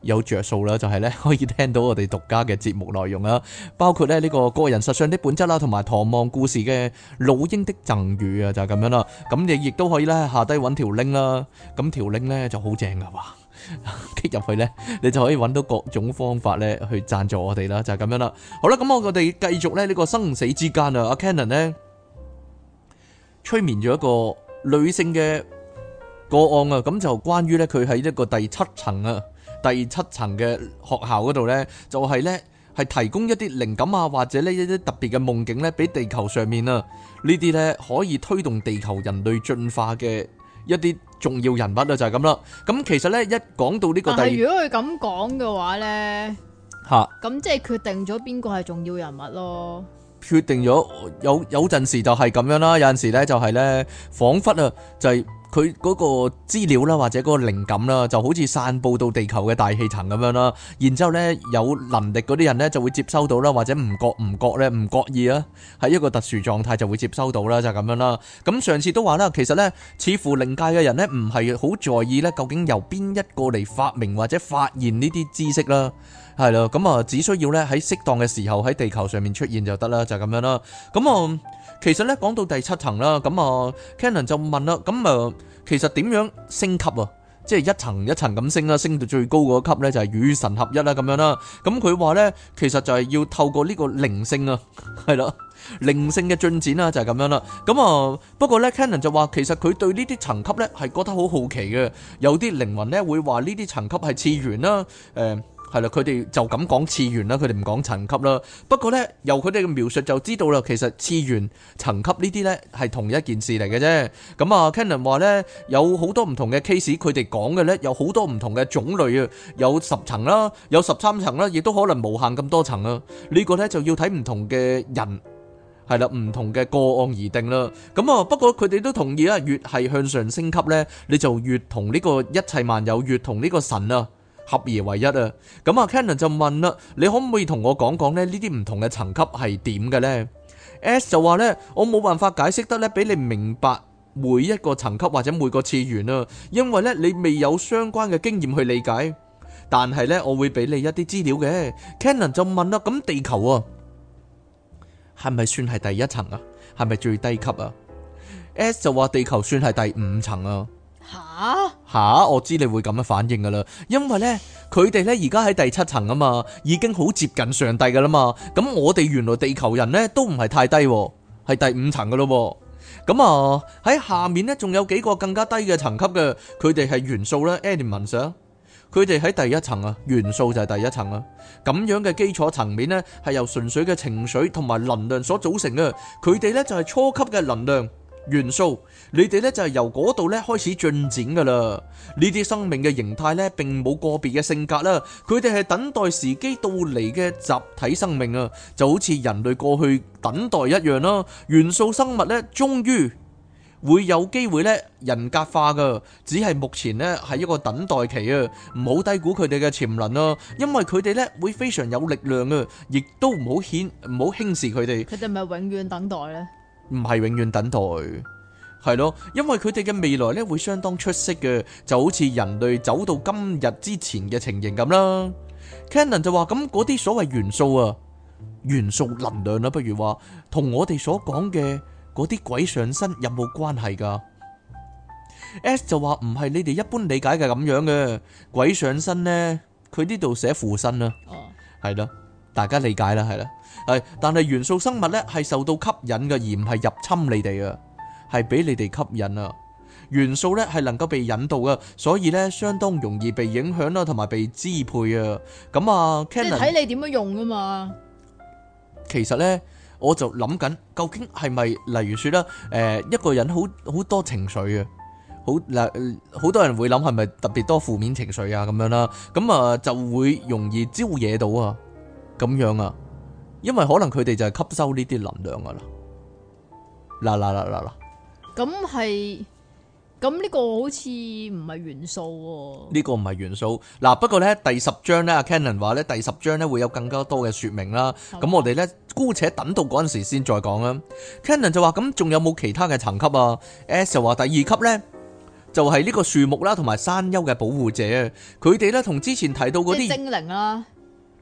有着數啦，就係咧可以聽到我哋獨家嘅節目內容啦，包括咧呢個個人實相的本質啦，同埋《唐望故事》嘅老鷹的贈語啊，就係咁樣啦。咁你亦都可以咧下低揾條 link 啦，咁條 link 咧就好正嘅哇！擊 入去咧，你就可以揾到各種方法咧去贊助我哋啦，就係咁樣啦。好啦，咁我哋繼續咧呢個生死之間啊，阿 Canon 呢催眠咗一個女性嘅個案啊，咁就關於呢，佢喺一個第七層啊。第七層嘅學校嗰度呢，就係呢，係提供一啲靈感啊，或者呢一啲特別嘅夢境呢，俾地球上面啊呢啲呢，可以推動地球人類進化嘅一啲重要人物啊，就係咁啦。咁其實呢，一講到呢個，但係如果佢咁講嘅話呢，吓，咁即係決定咗邊個係重要人物咯？決定咗有有陣時就係咁樣啦，有陣時呢，就係呢，仿佛啊就係。佢嗰個資料啦，或者嗰個靈感啦，就好似散佈到地球嘅大氣層咁樣啦。然之後呢，有能力嗰啲人呢，就會接收到啦，或者唔覺唔覺咧，唔覺意啊，喺一個特殊狀態就會接收到啦，就係咁樣啦。咁上次都話啦，其實呢，似乎靈界嘅人呢，唔係好在意呢，究竟由邊一個嚟發明或者發現呢啲知識啦。係咯，咁啊只需要咧，喺適當嘅時候喺地球上面出現就得啦，就係咁樣啦。咁啊，其實咧講到第七層啦，咁啊，Cannon 就問啦，咁啊，其實點樣升級啊？即係一層一層咁升啦，升到最高嗰級咧就係與神合一啦，咁樣啦。咁佢話咧，其實就係要透過呢個靈性啊，係啦，靈性嘅進展啦，就係咁樣啦。咁啊，不過咧，Cannon 就話其實佢對呢啲層級咧係覺得好好奇嘅，有啲靈魂咧會話呢啲層級係次元啦，誒。係啦，佢哋就咁講次元啦，佢哋唔講層級啦。不過呢，由佢哋嘅描述就知道啦，其實次元、層級呢啲呢係同一件事嚟嘅啫。咁、嗯、啊 Kennen 話呢，有好多唔同嘅 case，佢哋講嘅呢，有好多唔同嘅種類啊，有十層啦，有十三層啦，亦都可能無限咁多層啊。呢、呢個呢，就要睇唔同嘅人，係啦，唔同嘅個案而定啦。咁、嗯、啊、嗯，不過佢哋都同意啦，越係向上升級呢，你就越同呢個一切萬有，越同呢個神啊，合而為一啊！咁啊 Cannon 就問啦：你可唔可以同我講講咧呢啲唔同嘅層級係點嘅呢？」S 就話呢：「我冇辦法解釋得咧俾你明白每一個層級或者每個次元啊，因為呢，你未有相關嘅經驗去理解。但係呢，我會俾你一啲資料嘅。Cannon 就問啦：咁地球啊，係咪算係第一層啊？係咪最低級啊？S 就話：地球算係第五層啊。吓，我知你會咁樣反應噶啦，因為呢，佢哋呢而家喺第七層啊嘛，已經好接近上帝噶啦嘛。咁我哋原來地球人呢都唔係太低，係第五層噶咯。咁、嗯、啊喺下面呢仲有幾個更加低嘅層級嘅，佢哋係元素啦，Elements，佢哋喺第一層啊，元素就係第一層啊。咁樣嘅基礎層面呢係由純粹嘅情緒同埋能量所組成嘅，佢哋呢就係、是、初級嘅能量。元素，你哋咧就係由嗰度咧開始進展噶啦。呢啲生命嘅形態咧，並冇個別嘅性格啦，佢哋係等待時機到嚟嘅集體生命啊，就好似人類過去等待一樣啦。元素生物咧，終於會有機會咧人格化噶，只係目前咧係一個等待期啊，唔好低估佢哋嘅潛能啊，因為佢哋咧會非常有力量啊，亦都唔好顯，唔好輕視佢哋。佢哋咪永遠等待咧？唔係永遠等待，係咯，因為佢哋嘅未來咧會相當出色嘅，就好似人類走到今日之前嘅情形咁啦。Cannon 就話：咁嗰啲所謂元素啊，元素能量啦，不如話同我哋所講嘅嗰啲鬼上身有冇關係㗎？S 就話：唔係你哋一般理解嘅咁樣嘅鬼上身呢，佢呢度寫附身啊，係咯，大家理解啦，係啦。誒，但係元素生物咧係受到吸引嘅，而唔係入侵你哋啊，係俾你哋吸引啊。元素咧係能夠被引導嘅，所以咧相當容易被影響啦，同埋被支配啊。咁啊，即係睇你點樣用噶嘛。其實咧，我就諗緊，究竟係咪例如說咧，誒、呃，一個人好好多情緒啊，好嗱，好、呃、好多人會諗係咪特別多負面情緒啊咁樣啦，咁啊就會容易招惹到啊，咁樣啊。因為可能佢哋就係吸收呢啲能量噶啦，嗱嗱嗱嗱嗱，咁係咁呢個好似唔係元素，呢個唔係元素嗱。不過咧第十章咧，阿 Canon 話咧第十章咧會有更加多嘅說明啦。咁吧我哋咧姑且等到嗰陣時先再講啦。Canon 就話，咁仲有冇其他嘅層級啊？S 就話第二級咧就係、是、呢個樹木啦同埋山丘嘅保護者，佢哋咧同之前提到嗰啲精靈啦、啊。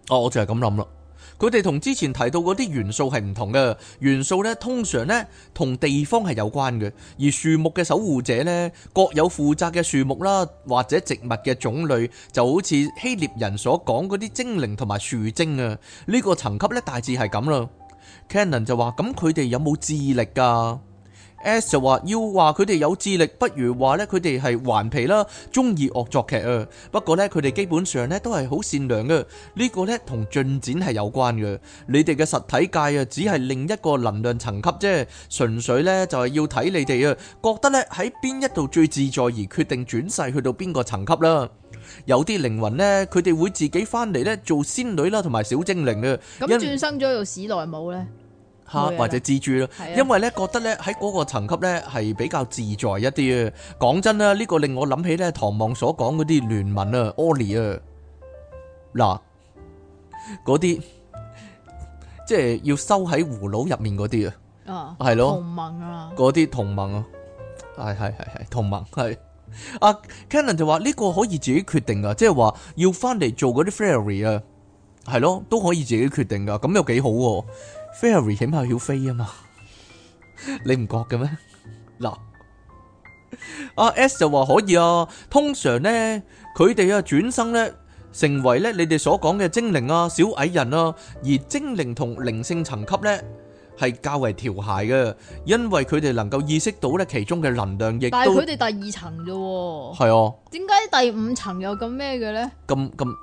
哦、啊，我就係咁諗啦。佢哋同之前提到嗰啲元素係唔同嘅，元素呢，通常呢，同地方係有關嘅，而樹木嘅守護者呢，各有負責嘅樹木啦，或者植物嘅種類就好似希臘人所講嗰啲精靈同埋樹精啊，呢個層級呢，大致係咁啦。Canon 就話：咁佢哋有冇智力㗎？S 就話，要話佢哋有智力，不如話咧佢哋係頑皮啦，中意惡作劇啊。不過咧，佢哋基本上咧都係好善良嘅。呢個咧同進展係有關嘅。你哋嘅實體界啊，只係另一個能量層級啫。純粹咧就係要睇你哋啊，覺得咧喺邊一度最自在而決定轉世去到邊個層級啦。有啲靈魂呢，佢哋會自己翻嚟咧做仙女啦，同埋小精靈啊。咁轉生咗做史萊姆呢？或者蜘蛛咯，因為咧覺得咧喺嗰個層級咧係比較自在一啲啊！講真啦，呢個令我諗起咧唐望所講嗰啲聯盟啊 Oli 啊，嗱嗰啲即係要收喺葫蘆入面嗰啲啊，係咯，同盟啊，嗰啲同盟，同盟啊，係係係係同盟係。阿 Cannon 就話呢個可以自己決定噶，即係話要返嚟做嗰啲 Fairy 啊，係咯，都可以自己決定噶，咁又幾好喎。Fairy 起碼要飛啊嘛，你唔覺嘅咩？嗱，阿 S 就話可以啊。通常呢，佢哋啊轉生呢，成為呢你哋所講嘅精靈啊、小矮人啊，而精靈同靈性層級呢係較為調諧嘅，因為佢哋能夠意識到呢其中嘅能量。亦但係佢哋第二層啫，係啊。點解第五層又咁咩嘅呢？咁咁。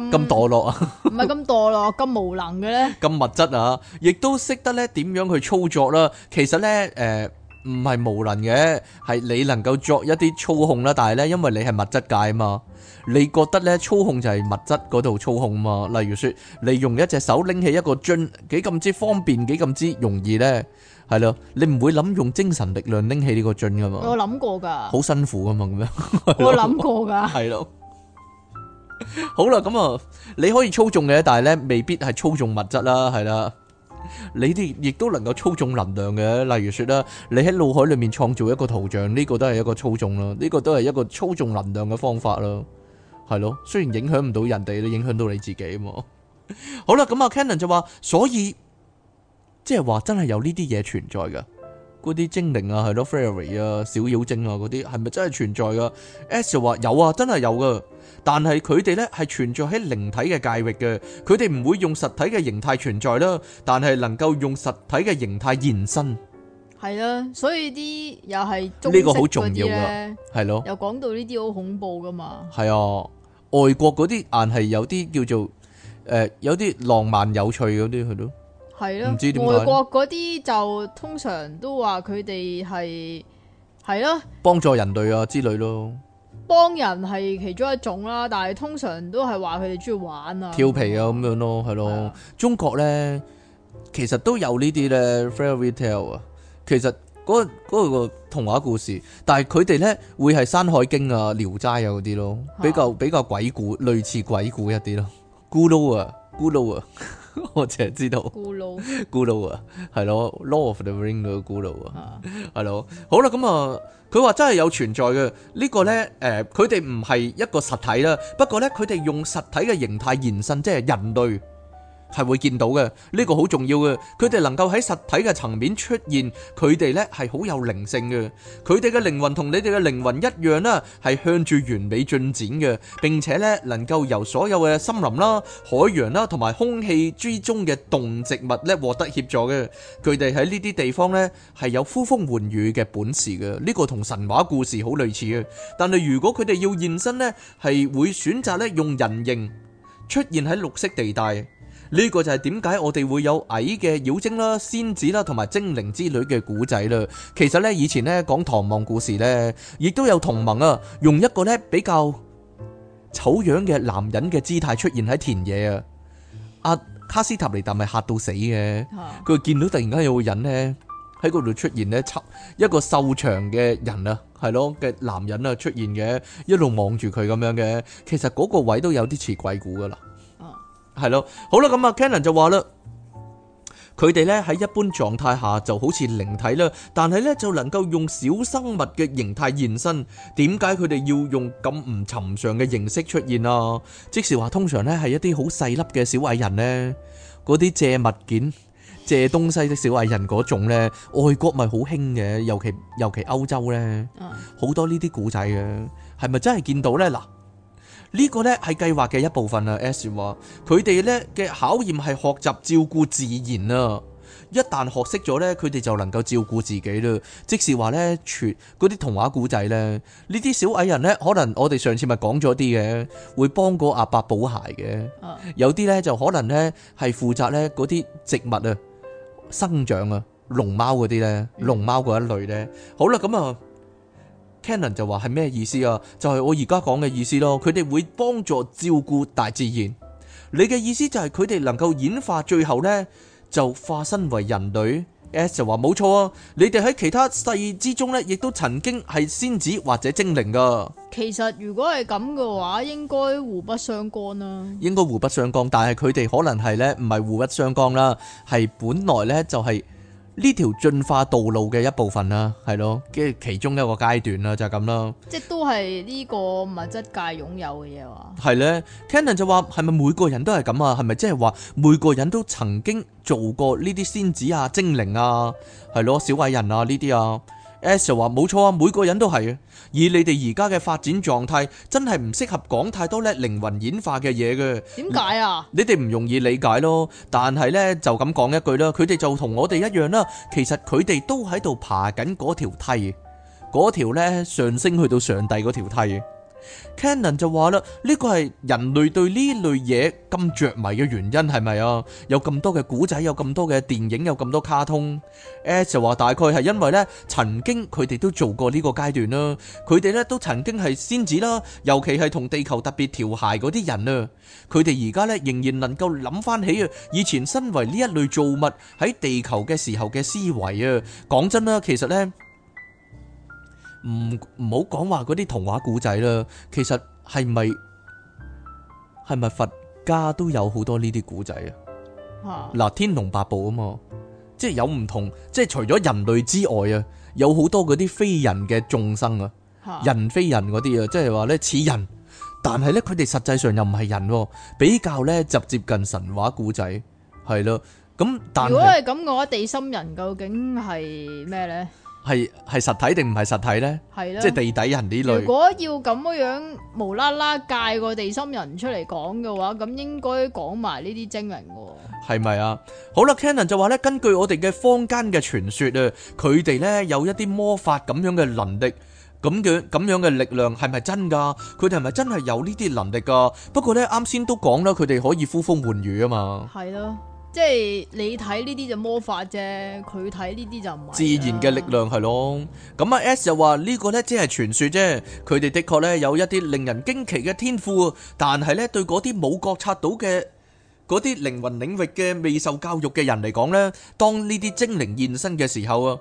咁墮落啊？唔係咁墮落，咁無能嘅咧？咁物質啊，亦都識得咧點樣去操作啦。其實咧，誒，唔係無能嘅，係你能夠作一啲操控啦。但係咧，因為你係物質界啊嘛，你覺得咧操控就係物質嗰度操控嘛。例如說，你用一隻手拎起一個樽，幾咁之方便，幾咁之容易咧，係咯。你唔會諗用精神力量拎起呢個樽噶嘛？我有諗過噶，好辛苦噶嘛，咁樣。我諗過噶，係咯。 好啦，咁啊，你可以操縱嘅，但係咧未必係操縱物質啦，係啦， 你哋亦都能夠操縱能量嘅，例如說啦，你喺腦海裏面創造一個圖像，呢個都係一個操縱啦，呢個都係一個操縱能量嘅方法啦，係咯，雖然影響唔到人哋，都影響到你自己嘛。 好啦，咁啊，Cannon 就話，所以即係話真係有呢啲嘢存在噶，嗰啲精靈啊，係咯，Fairy 啊，小妖精啊，嗰啲係咪真係存在噶？S 就話有啊，真係有噶。但係佢哋咧係存在喺靈體嘅界域嘅，佢哋唔會用實體嘅形態存在啦，但係能夠用實體嘅形態延伸，係啦，所以啲又係呢個好重要噶，係咯，又講到呢啲好恐怖噶嘛，係啊，外國嗰啲硬係有啲叫做誒，有啲浪漫有趣嗰啲係咯，係咯，唔知外國嗰啲就通常都話佢哋係係咯，幫助人類啊之類咯。幫人係其中一種啦，但係通常都係話佢哋中意玩跳啊，調皮啊咁樣咯，係咯、啊。中國咧，其實都有呢啲咧，fairy tale 啊。其實嗰、那、嗰、個嗰個童話故事，但係佢哋咧會係《山海經》啊、《聊齋》啊嗰啲咯，比較比較鬼故，類似鬼故一啲咯，咕嚕啊，咕嚕啊。 我淨係知道，咕嚕咕嚕啊，係咯 Law of the Ring 嗰個咕嚕啊，係咯，好啦，咁啊，佢話、 嗯、真係有存在嘅，這個、呢個咧，誒、呃，佢哋唔係一個實體啦，不過咧，佢哋用實體嘅形態延伸，即係人類。係會見到嘅，呢個好重要嘅。佢哋能夠喺實體嘅層面出現，佢哋呢係好有靈性嘅。佢哋嘅靈魂同你哋嘅靈魂一樣呢，係向住完美進展嘅，並且呢能夠由所有嘅森林啦、海洋啦同埋空氣之中嘅動植物呢獲得協助嘅。佢哋喺呢啲地方呢係有呼風喚雨嘅本事嘅。呢個同神話故事好類似嘅。但係如果佢哋要現身呢，係會選擇呢用人形出現喺綠色地帶。呢個就係點解我哋會有矮嘅妖精啦、仙子啦、同埋精靈之類嘅古仔啦。其實呢，以前呢講唐望故事呢，亦都有同盟啊，用一個呢比較醜樣嘅男人嘅姿態出現喺田野啊。阿卡斯塔尼達咪嚇到死嘅，佢見、嗯、到突然間有個人呢喺嗰度出現呢，一個瘦長嘅人啊，係咯嘅男人啊出現嘅，一路望住佢咁樣嘅。其實嗰個位都有啲似鬼故噶啦。係咯，好啦，咁啊，Canon 就話啦，佢哋呢喺一般狀態下就好似靈體啦，但係呢就能夠用小生物嘅形態現身。點解佢哋要用咁唔尋常嘅形式出現啊？即是話通常呢係一啲好細粒嘅小矮人呢，嗰啲借物件、借東西的小矮人嗰種呢，外國咪好興嘅，尤其尤其歐洲呢，好多呢啲古仔嘅，係咪真係見到呢嗱？呢個咧係計劃嘅一部分啦，Ash 話佢哋咧嘅考驗係學習照顧自然啊！一旦學識咗咧，佢哋就能夠照顧自己啦。即是話呢，傳嗰啲童話故仔呢，呢啲小矮人呢，可能我哋上次咪講咗啲嘅，會幫過阿伯補鞋嘅。有啲呢，就可能呢，係負責呢嗰啲植物啊生長啊，龍貓嗰啲呢。龍貓嗰一類呢，好啦，咁啊。Canon 就話係咩意思啊？就係、是、我而家講嘅意思咯。佢哋會幫助照顧大自然。你嘅意思就係佢哋能夠演化，最後呢，就化身為人類。S 就話冇錯啊，你哋喺其他世之中呢，亦都曾經係仙子或者精靈噶。其實如果係咁嘅話，應該互不相干啦、啊。應該互不相干，但係佢哋可能係呢，唔係互不相干啦，係本來呢，就係、是。呢條進化道路嘅一部分啦、啊，係咯，嘅其中一個階段啦、啊，就係、是、咁、啊啊、咯。即係都係呢個物質界擁有嘅嘢話。係咧 Cannon 就話係咪每個人都係咁啊？係咪即係話每個人都曾經做過呢啲仙子啊、精靈啊，係咯、小矮人啊呢啲啊？Ash 就話冇錯啊，每個人都係以你哋而家嘅發展狀態，真係唔適合講太多咧靈魂演化嘅嘢嘅。點解啊？你哋唔容易理解咯。但係呢，就咁講一句啦，佢哋就同我哋一樣啦。其實佢哋都喺度爬緊嗰條梯，嗰條咧上升去到上帝嗰條梯。Canon 就話啦，呢個係人類對呢類嘢咁着迷嘅原因係咪啊？有咁多嘅古仔，有咁多嘅電影，有咁多卡通。Ed 就話大概係因為呢曾經佢哋都做過呢個階段啦，佢哋呢都曾經係仙子啦，尤其係同地球特別調諧嗰啲人啊，佢哋而家呢仍然能夠諗翻起啊以前身為呢一類造物喺地球嘅時候嘅思維啊。講真啦，其實呢。唔唔好講話嗰啲童話故仔啦，其實係咪係咪佛家都有好多呢啲故仔啊？嗱，天龍八部啊嘛，即係有唔同，即係除咗人類之外啊，有好多嗰啲非人嘅眾生啊，人非人嗰啲啊，即係話咧似人，但係咧佢哋實際上又唔係人，比較咧就接近神話故仔，係咯。咁如果係咁嘅話，我地心人究竟係咩咧？係係實體定唔係實體咧？係啦，即係地底人呢類。如果要咁樣無啦啦介個地心人出嚟講嘅話，咁應該講埋呢啲精靈噶。係咪啊？好啦，Cannon 就話咧，根據我哋嘅坊間嘅傳說啊，佢哋咧有一啲魔法咁樣嘅能力，咁嘅咁樣嘅力量係咪真噶？佢哋係咪真係有呢啲能力噶？不過咧，啱先都講啦，佢哋可以呼風喚雨啊嘛。係啦。即係你睇呢啲就魔法啫，佢睇呢啲就唔係自然嘅力量係咯。咁啊 S 就話呢個咧即係傳說啫，佢哋的確咧有一啲令人驚奇嘅天賦，但係咧對嗰啲冇覺察到嘅嗰啲靈魂領域嘅未受教育嘅人嚟講咧，當呢啲精靈現身嘅時候啊，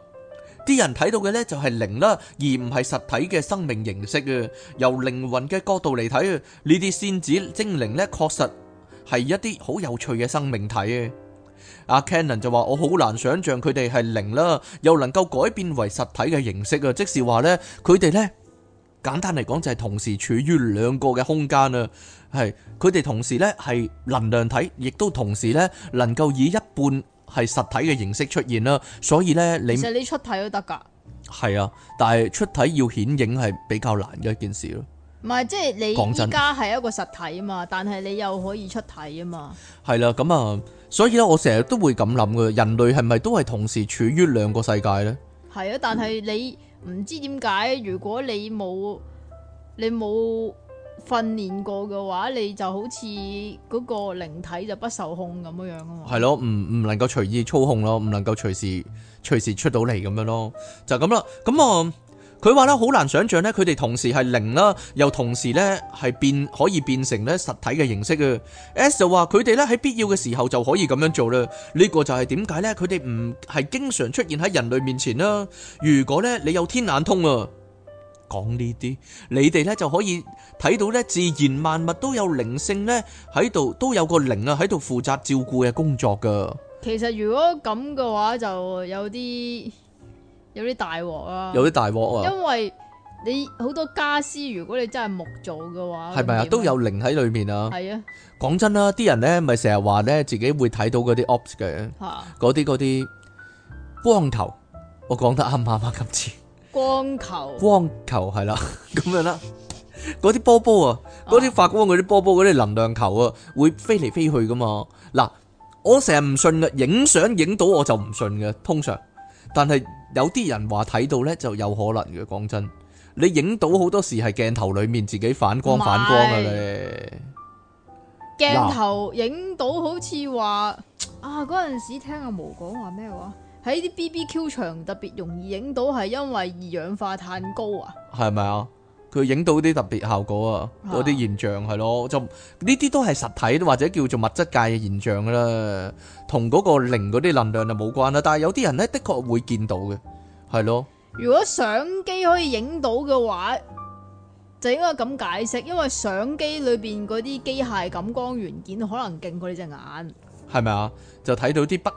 啲人睇到嘅咧就係靈啦，而唔係實體嘅生命形式啊。由靈魂嘅角度嚟睇啊，呢啲仙子精靈咧確實係一啲好有趣嘅生命體啊。阿 Canon 就話：我好難想象佢哋係零啦，又能夠改變為實體嘅形式啊。即是話咧，佢哋咧簡單嚟講就係同時處於兩個嘅空間啊。係佢哋同時咧係能量體，亦都同時咧能夠以一半係實體嘅形式出現啦。所以咧，你其實你出體都得㗎，係啊，但係出體要顯影係比較難嘅一件事咯。唔係，即係你依家係一個實體啊嘛，但係你又可以出體啊嘛。係啦，咁啊，所以咧，我成日都會咁諗㗎，人類係咪都係同時處於兩個世界呢？係啊，但係你唔知點解，如果你冇你冇訓練過嘅話，你就好似嗰個靈體就不受控咁樣樣啊嘛。係咯，唔唔能夠隨意操控咯，唔能夠隨時隨時出到嚟咁樣咯，就咁啦。咁啊。佢話咧好難想象咧，佢哋同時係靈啦，又同時咧係變可以變成咧實體嘅形式嘅。S 就話佢哋咧喺必要嘅時候就可以咁樣做啦。呢個就係點解咧，佢哋唔係經常出現喺人類面前啦。如果咧你有天眼通啊，講呢啲你哋咧就可以睇到咧，自然萬物都有靈性咧，喺度都有個靈啊喺度負責照顧嘅工作噶。其實如果咁嘅話，就有啲。有啲大鑊啊！有啲大鑊啊！因為你好多家私，如果你真係木做嘅話，係咪啊？都有靈喺裏面啊！係啊！講真啦，啲人咧咪成日話咧，自己會睇到嗰啲 ops 嘅，嗰啲嗰啲光球，我講得啱唔啱啊？今次光球，光球係啦，咁樣啦，嗰啲波波啊，嗰啲發光嗰啲波波，嗰啲能量球啊，會飛嚟飛去噶嘛？嗱，我成日唔信嘅，影相影到我就唔信嘅，通常。但係有啲人話睇到呢就有可能嘅，講真，你影到好多時係鏡頭裏面自己反光是反光嘅咧。鏡頭影到好似話啊，嗰陣、啊、時聽阿毛講話咩話？喺啲 B B Q 場特別容易影到，係因為二氧化碳高啊？係咪啊？佢影到啲特別效果啊，嗰啲現象係咯，就呢啲都係實體或者叫做物質界嘅現象啦，同嗰個靈嗰啲能量就冇關啦。但係有啲人呢，的確會見到嘅，係咯。如果相機可以影到嘅話，就應該咁解釋，因為相機裏邊嗰啲機械感光元件可能勁過你隻眼，係咪啊？就睇到啲不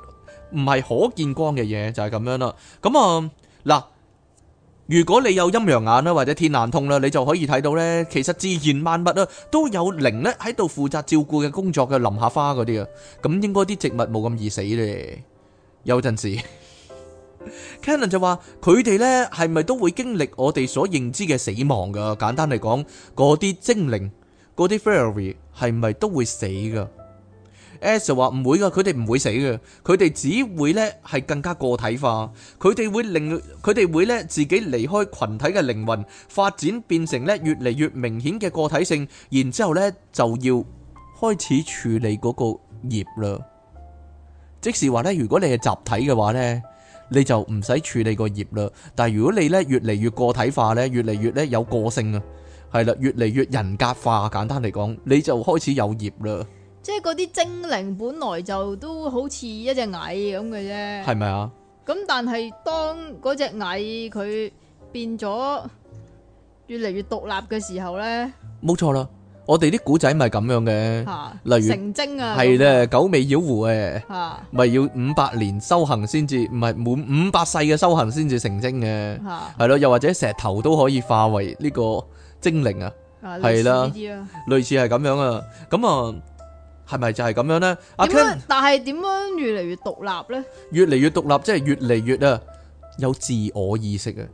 唔係可見光嘅嘢，就係咁樣啦。咁啊嗱。如果你有陰陽眼啦，或者天眼通啦，你就可以睇到咧。其實自然萬物啊，都有靈咧喺度負責照顧嘅工作，嘅淋下花嗰啲啊。咁應該啲植物冇咁易死咧。有陣時，Cannon 就話佢哋咧係咪都會經歷我哋所認知嘅死亡噶？簡單嚟講，嗰啲精靈、嗰啲 Fairy 係咪都會死噶？S, S 就話唔會噶，佢哋唔會死噶，佢哋只會咧係更加個體化，佢哋會令佢哋會咧自己離開群體嘅靈魂發展變成咧越嚟越明顯嘅個體性，然之後咧就要開始處理嗰個業啦。即是話咧，如果你係集體嘅話咧，你就唔使處理個業啦。但係如果你咧越嚟越個體化咧，越嚟越咧有個性啊，係啦，越嚟越人格化。簡單嚟講，你就開始有業啦。即係嗰啲精靈本來就都好似一隻蟻咁嘅啫，係咪啊？咁但係當嗰隻蟻佢變咗越嚟越獨立嘅時候咧，冇錯啦！我哋啲古仔咪咁樣嘅，例如成精啊，係咧九尾妖狐，誒，咪要五百年修行先至，唔係滿五百世嘅修行先至成精嘅，係咯？又或者石頭都可以化為呢個精靈啊，係啦，類似係咁樣啊，咁啊。係咪就係咁樣咧？阿但係點樣越嚟越獨立咧？越嚟越獨立，即係越嚟越啊，有自我意識嘅，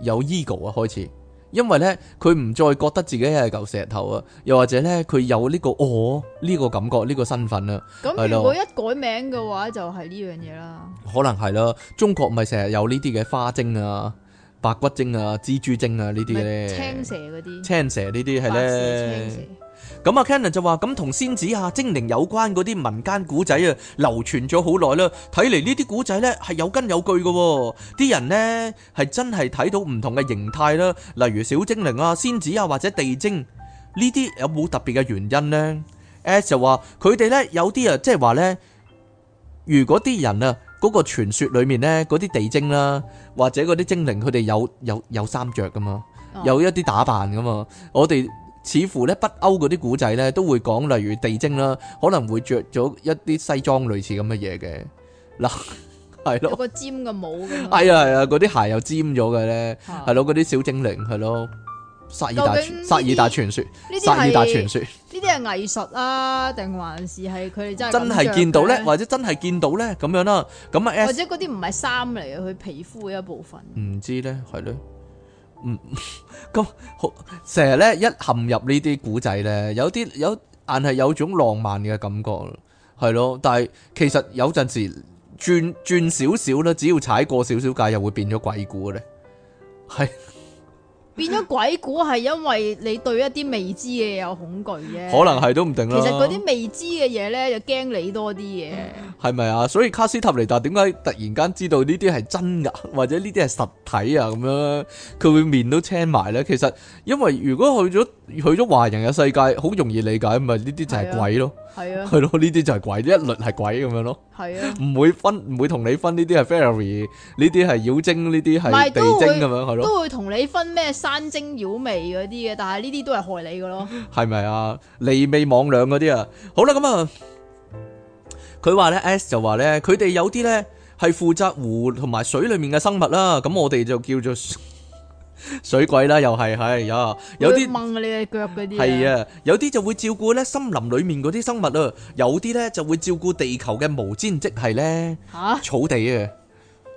有 ego 啊，開始。因為咧，佢唔再覺得自己係嚿石頭啊，又或者咧，佢有呢個「哦」呢個感覺，呢個身份啊。咁如，係嘅，如果一改名嘅話就，就係呢樣嘢啦。可能係啦，中國唔係成日有呢啲嘅花精啊、白骨精啊、蜘蛛精啊呢啲咧，青蛇嗰啲，青蛇呢啲係咧。咁啊 Cannon 就話咁同仙子啊、精靈有關嗰啲民間古仔啊，流傳咗好耐啦。睇嚟呢啲古仔呢，係有根有據嘅，啲人呢，係真係睇到唔同嘅形態啦，例如小精靈啊、仙子啊或者地精呢啲，有冇特別嘅原因呢？S 就話佢哋呢，有啲啊，即係話呢，如果啲人啊嗰個傳說裏面呢，嗰啲地精啦或者嗰啲精靈，佢哋有有有衫着噶嘛，有一啲打扮噶嘛，我哋。似乎咧北歐嗰啲古仔咧都會講，例如地精啦，可能會着咗一啲西裝類似咁嘅嘢嘅，嗱係咯，個尖嘅帽，係啊係啊，嗰啲鞋又尖咗嘅咧，係咯，嗰啲小精靈係咯，薩爾達傳，薩爾達傳說，薩爾達傳說，呢啲係藝術啊，定還是係佢哋真真係見到咧，或者真係見到咧咁樣啦，咁啊，或者嗰啲唔係衫嚟嘅，佢皮膚嘅一部分，唔知咧，係咯。嗯，咁好成日咧一陷入呢啲古仔咧，有啲有，有硬係有種浪漫嘅感覺，係咯。但係其實有陣時轉轉少少啦，只要踩過少少界，又會變咗鬼故咧，係。變咗鬼故係因為你對一啲未知嘅嘢有恐懼啫，可能係都唔定啦。其實嗰啲未知嘅嘢咧，就驚你多啲嘢。係咪？嗯、啊？所以卡斯塔尼達點解突然間知道呢啲係真噶，或者呢啲係實體啊咁樣啊，佢會面都青埋咧？其實因為如果去咗去咗華人嘅世界，好容易理解，咪呢啲就係鬼咯。係啊，係咯，呢啲就係鬼，一律係鬼咁樣咯。係啊的，唔會分，唔會同你分呢啲係 fairy，呢啲係妖精，呢啲係地精咁樣，係咯是。的都會同的你分咩山精妖媚嗰啲嘅，但係呢啲都係害你嘅咯。係咪啊？魑魅魍魎嗰啲啊！好啦，咁啊，佢話咧，S 就話咧，佢哋有啲咧係負責湖同埋水裏面嘅生物啦。咁我哋就叫做。水鬼啦，又係係啊，有啲掹你隻腳嗰啲，係啊，有啲就會照顧咧森林裏面嗰啲生物啊，有啲咧就會照顧地球嘅毛氈即係咧，啊、草地啊，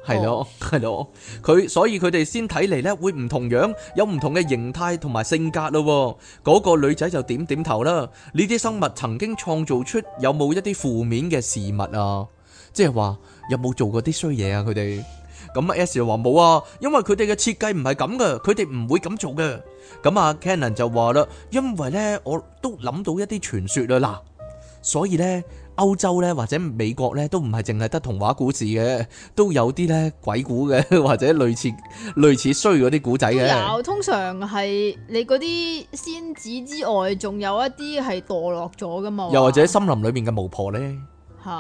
係咯，係咯，佢、哦、所以佢哋先睇嚟咧會唔同樣，有唔同嘅形態同埋性格咯。嗰、那個女仔就點點頭啦。呢啲生物曾經創造出有冇一啲負面嘅事物啊？即係話有冇做過啲衰嘢啊？佢哋。咁阿 S 就話冇啊，因為佢哋嘅設計唔係咁噶，佢哋唔會咁做嘅。咁啊，Canon 就話啦，因為咧我都諗到一啲傳說啦，嗱，所以咧歐洲咧或者美國咧都唔係淨係得童話故事嘅，都有啲咧鬼故嘅或者類似類似衰嗰啲古仔嘅。有，通常係你嗰啲仙子之外，仲有一啲係墮落咗噶嘛，又或者森林裏面嘅巫婆咧。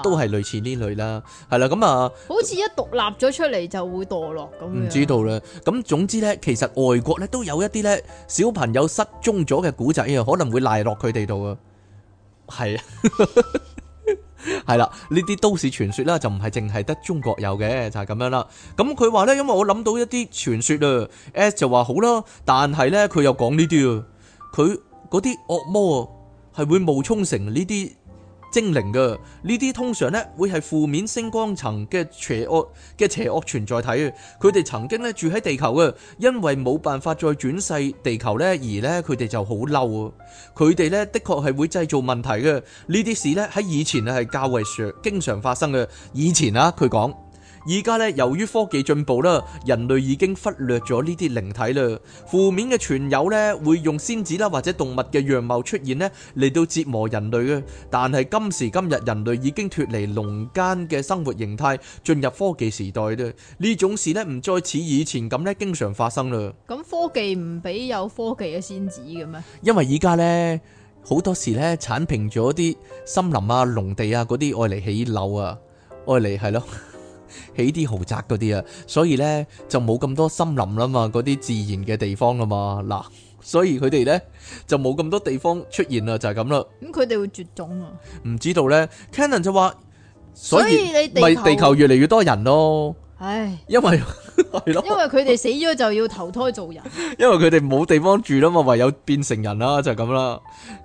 都係類似呢類啦，係啦，咁啊，好似一獨立咗出嚟就會墮落咁。唔知道啦，咁總之咧，其實外國咧都有一啲咧小朋友失蹤咗嘅古仔啊，可能會賴落佢哋度啊。係啊，係啦，呢啲都市傳說啦，就唔係淨係得中國有嘅，就係咁樣啦。咁佢話咧，因為我諗到一啲傳說啊，S 就話好啦，但係咧佢又講呢啲啊，佢嗰啲惡魔係會冒充成呢啲。精靈嘅呢啲通常呢會係負面星光層嘅邪惡嘅邪惡存在體啊！佢哋曾經咧住喺地球嘅，因為冇辦法再轉世地球呢，而呢，佢哋就好嬲啊！佢哋呢的確係會製造問題嘅，呢啲事呢喺以前啊係較為常經常發生嘅。以前啊，佢講。而家咧，由於科技進步啦，人類已經忽略咗呢啲靈體啦。負面嘅存有咧，會用仙子啦或者動物嘅樣貌出現咧，嚟到折磨人類嘅。但係今時今日，人類已經脫離農間嘅生活形態，進入科技時代啦。呢種事咧，唔再似以前咁咧，經常發生啦。咁科技唔俾有科技嘅仙子嘅咩？因為而家咧好多時咧，剷平咗啲森林啊、農地啊嗰啲，愛嚟起樓啊，愛嚟係咯。起啲豪宅嗰啲啊，所以咧就冇咁多森林啦嘛，嗰啲自然嘅地方啦嘛，嗱，所以佢哋咧就冇咁多地方出現啦，就係咁啦。咁佢哋會絕種啊？唔知道咧，Cannon 就話，所以，所以你哋，咪地球越嚟越多人咯。唉，因為係咯， 因為佢哋死咗就要投胎做人， 因為佢哋冇地方住啦嘛，唯有變成人啦，就係咁啦。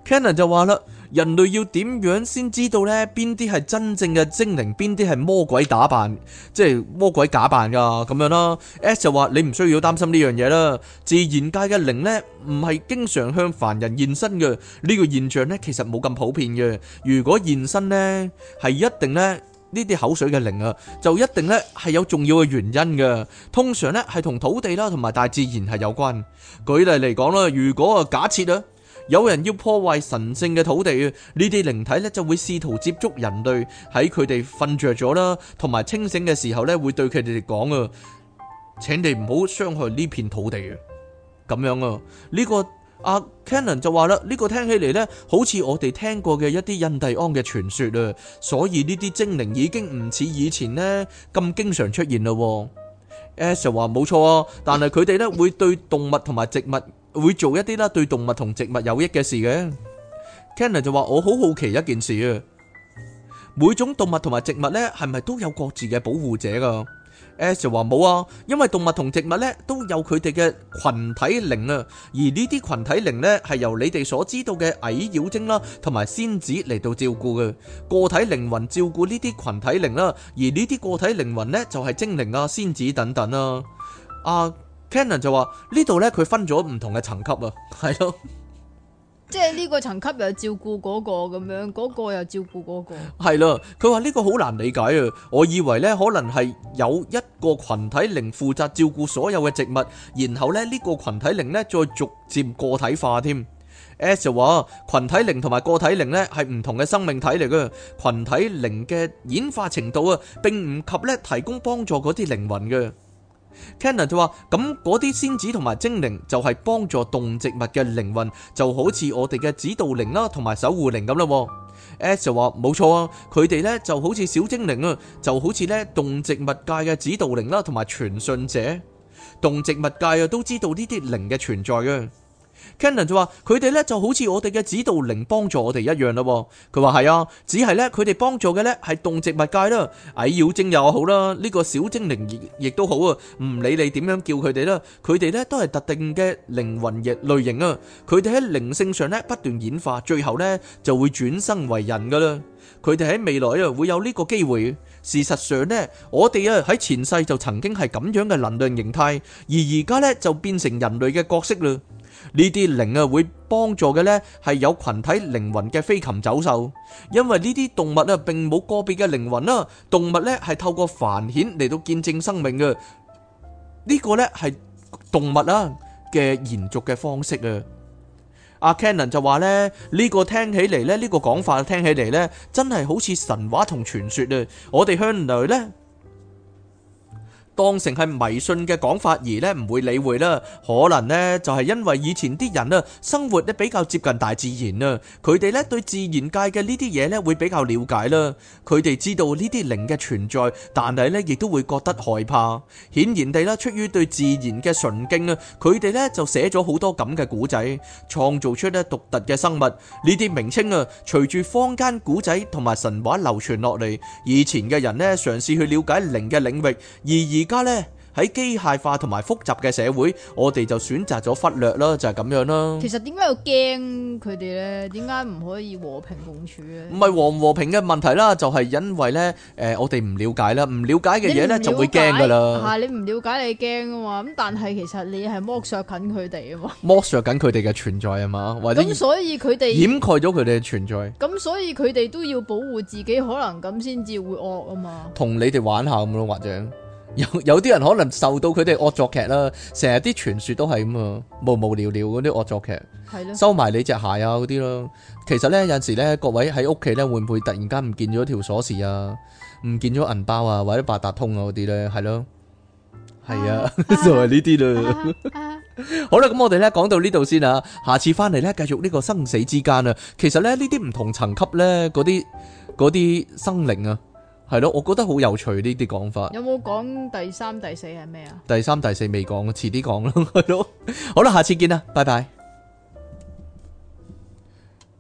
Cannon 就話啦。人類要點樣先知道呢？邊啲係真正嘅精靈，邊啲係魔鬼打扮，即係魔鬼假扮噶咁樣啦？S 就話你唔需要擔心呢樣嘢啦。自然界嘅靈呢，唔係經常向凡人現身嘅。呢個現象呢，其實冇咁普遍嘅。如果現身呢，係一定呢呢啲口水嘅靈啊，就一定呢係有重要嘅原因嘅。通常呢係同土地啦，同埋大自然係有關。舉例嚟講啦，如果啊假設啊。有人要破壞神聖嘅土地啊！呢啲靈體咧就會試圖接觸人類，喺佢哋瞓著咗啦，同埋清醒嘅時候咧會對佢哋講啊，請你唔好傷害呢片土地啊！咁樣啊，呢個阿 Cannon 就話啦，呢個聽起嚟咧好似我哋聽過嘅一啲印第安嘅傳說啊，所以呢啲精靈已經唔似以前咧咁經常出現咯。Ethan 話冇錯啊，但係佢哋咧會對動物同埋植物。會做一啲啦，對動物同植物有益嘅事嘅。Kenya 就話我好好奇一件事啊，每種動物同埋植物咧，係咪都有各自嘅保護者噶？Ash 話冇啊，因為動物同植物咧都有佢哋嘅群體靈啊，而呢啲群體靈咧係由你哋所知道嘅矮妖精啦，同埋仙子嚟到照顧嘅。個體靈魂照顧呢啲群體靈啦，而呢啲個體靈魂咧就係精靈啊、仙子等等啊，啊。Cannon 就話呢度咧，佢分咗唔同嘅層級啊，係咯，即係呢個層級又照顧嗰個咁樣，嗰個又照顧嗰個。係咯，佢話呢個好難理解啊！我以為咧，可能係有一個群體靈負責照顧所有嘅植物，然後咧呢個群體靈咧再逐漸個體化添。S 就話群體靈同埋個體靈咧係唔同嘅生命體嚟嘅，群體靈嘅演化程度啊，並唔及咧提供幫助嗰啲靈魂嘅。Cannon 就話：咁嗰啲仙子同埋精靈就係幫助動植物嘅靈魂，就好似我哋嘅指導靈啦，同埋守護靈咁啦。S 就話：冇錯啊，佢哋呢就好似小精靈啊，就好似呢動植物界嘅指導靈啦，同埋傳信者。動植物界啊都知道呢啲靈嘅存在嘅。Cannon 就話：佢哋咧就好似我哋嘅指導靈幫助我哋一樣啦。佢話：係啊，只係咧佢哋幫助嘅咧係動植物界啦，矮妖精又好啦，呢個小精靈亦亦都好啊。唔理你點樣叫佢哋啦，佢哋咧都係特定嘅靈魂型類型啊。佢哋喺靈性上咧不斷演化，最後咧就會轉生為人噶啦。佢哋喺未來啊會有呢個機會。事實上呢，我哋啊喺前世就曾經係咁樣嘅能量形態，而而家咧就變成人類嘅角色啦。呢啲靈啊，會幫助嘅咧係有羣體靈魂嘅飛禽走獸，因為呢啲動物咧並冇個別嘅靈魂啦，動物咧係透過繁衍嚟到見證生命嘅，呢個咧係動物啊嘅延續嘅方式啊。阿 Cannon 就話咧，呢個聽起嚟咧，呢個講法聽起嚟咧，真係好似神話同傳説啊！我哋香奈咧，當成係迷信嘅講法而咧唔會理會啦，可能咧就係因為以前啲人啊生活咧比較接近大自然啊，佢哋咧對自然界嘅呢啲嘢咧會比較了解啦，佢哋知道呢啲靈嘅存在，但係咧亦都會覺得害怕。顯然地啦，出於對自然嘅純敬啊，佢哋咧就寫咗好多咁嘅古仔，創造出咧獨特嘅生物。呢啲名稱啊，隨住坊間古仔同埋神話流傳落嚟，以前嘅人咧嘗試去了解靈嘅領域，而以。而家咧喺機械化同埋複雜嘅社會，我哋就選擇咗忽略啦，就係咁樣啦。其實點解要驚佢哋咧？點解唔可以和平共處咧？唔係和唔和平嘅問題啦，就係因為咧，誒，我哋唔了解啦，唔了解嘅嘢咧就會驚噶啦。係你唔了解你驚啊嘛？咁但係其實你係剝削緊佢哋啊嘛，剝削緊佢哋嘅存在啊嘛，或者咁所以佢哋掩蓋咗佢哋嘅存在。咁所以佢哋都要保護自己，可能咁先至會惡啊嘛。同你哋玩下咁咯，或者。有有啲人可能受到佢哋惡作劇啦，成日啲傳說都係咁啊，無無聊聊嗰啲惡作劇，收埋你隻鞋啊嗰啲咯。其實咧有陣時咧，各位喺屋企咧會唔會突然間唔見咗條鎖匙啊，唔見咗銀包啊，或者八達通啊嗰啲咧，係咯，係啊，就係呢啲啦。好啦，咁我哋咧講到呢度先啊，下次返嚟咧繼續呢個生死之間啊。其實咧呢啲唔同層級咧嗰啲嗰啲生靈啊。係咯，我覺得好有趣呢啲講法。有冇講第三、第四係咩啊？第三、第四未講，遲啲講囉。係咯， 好啦，下次見啦，拜拜。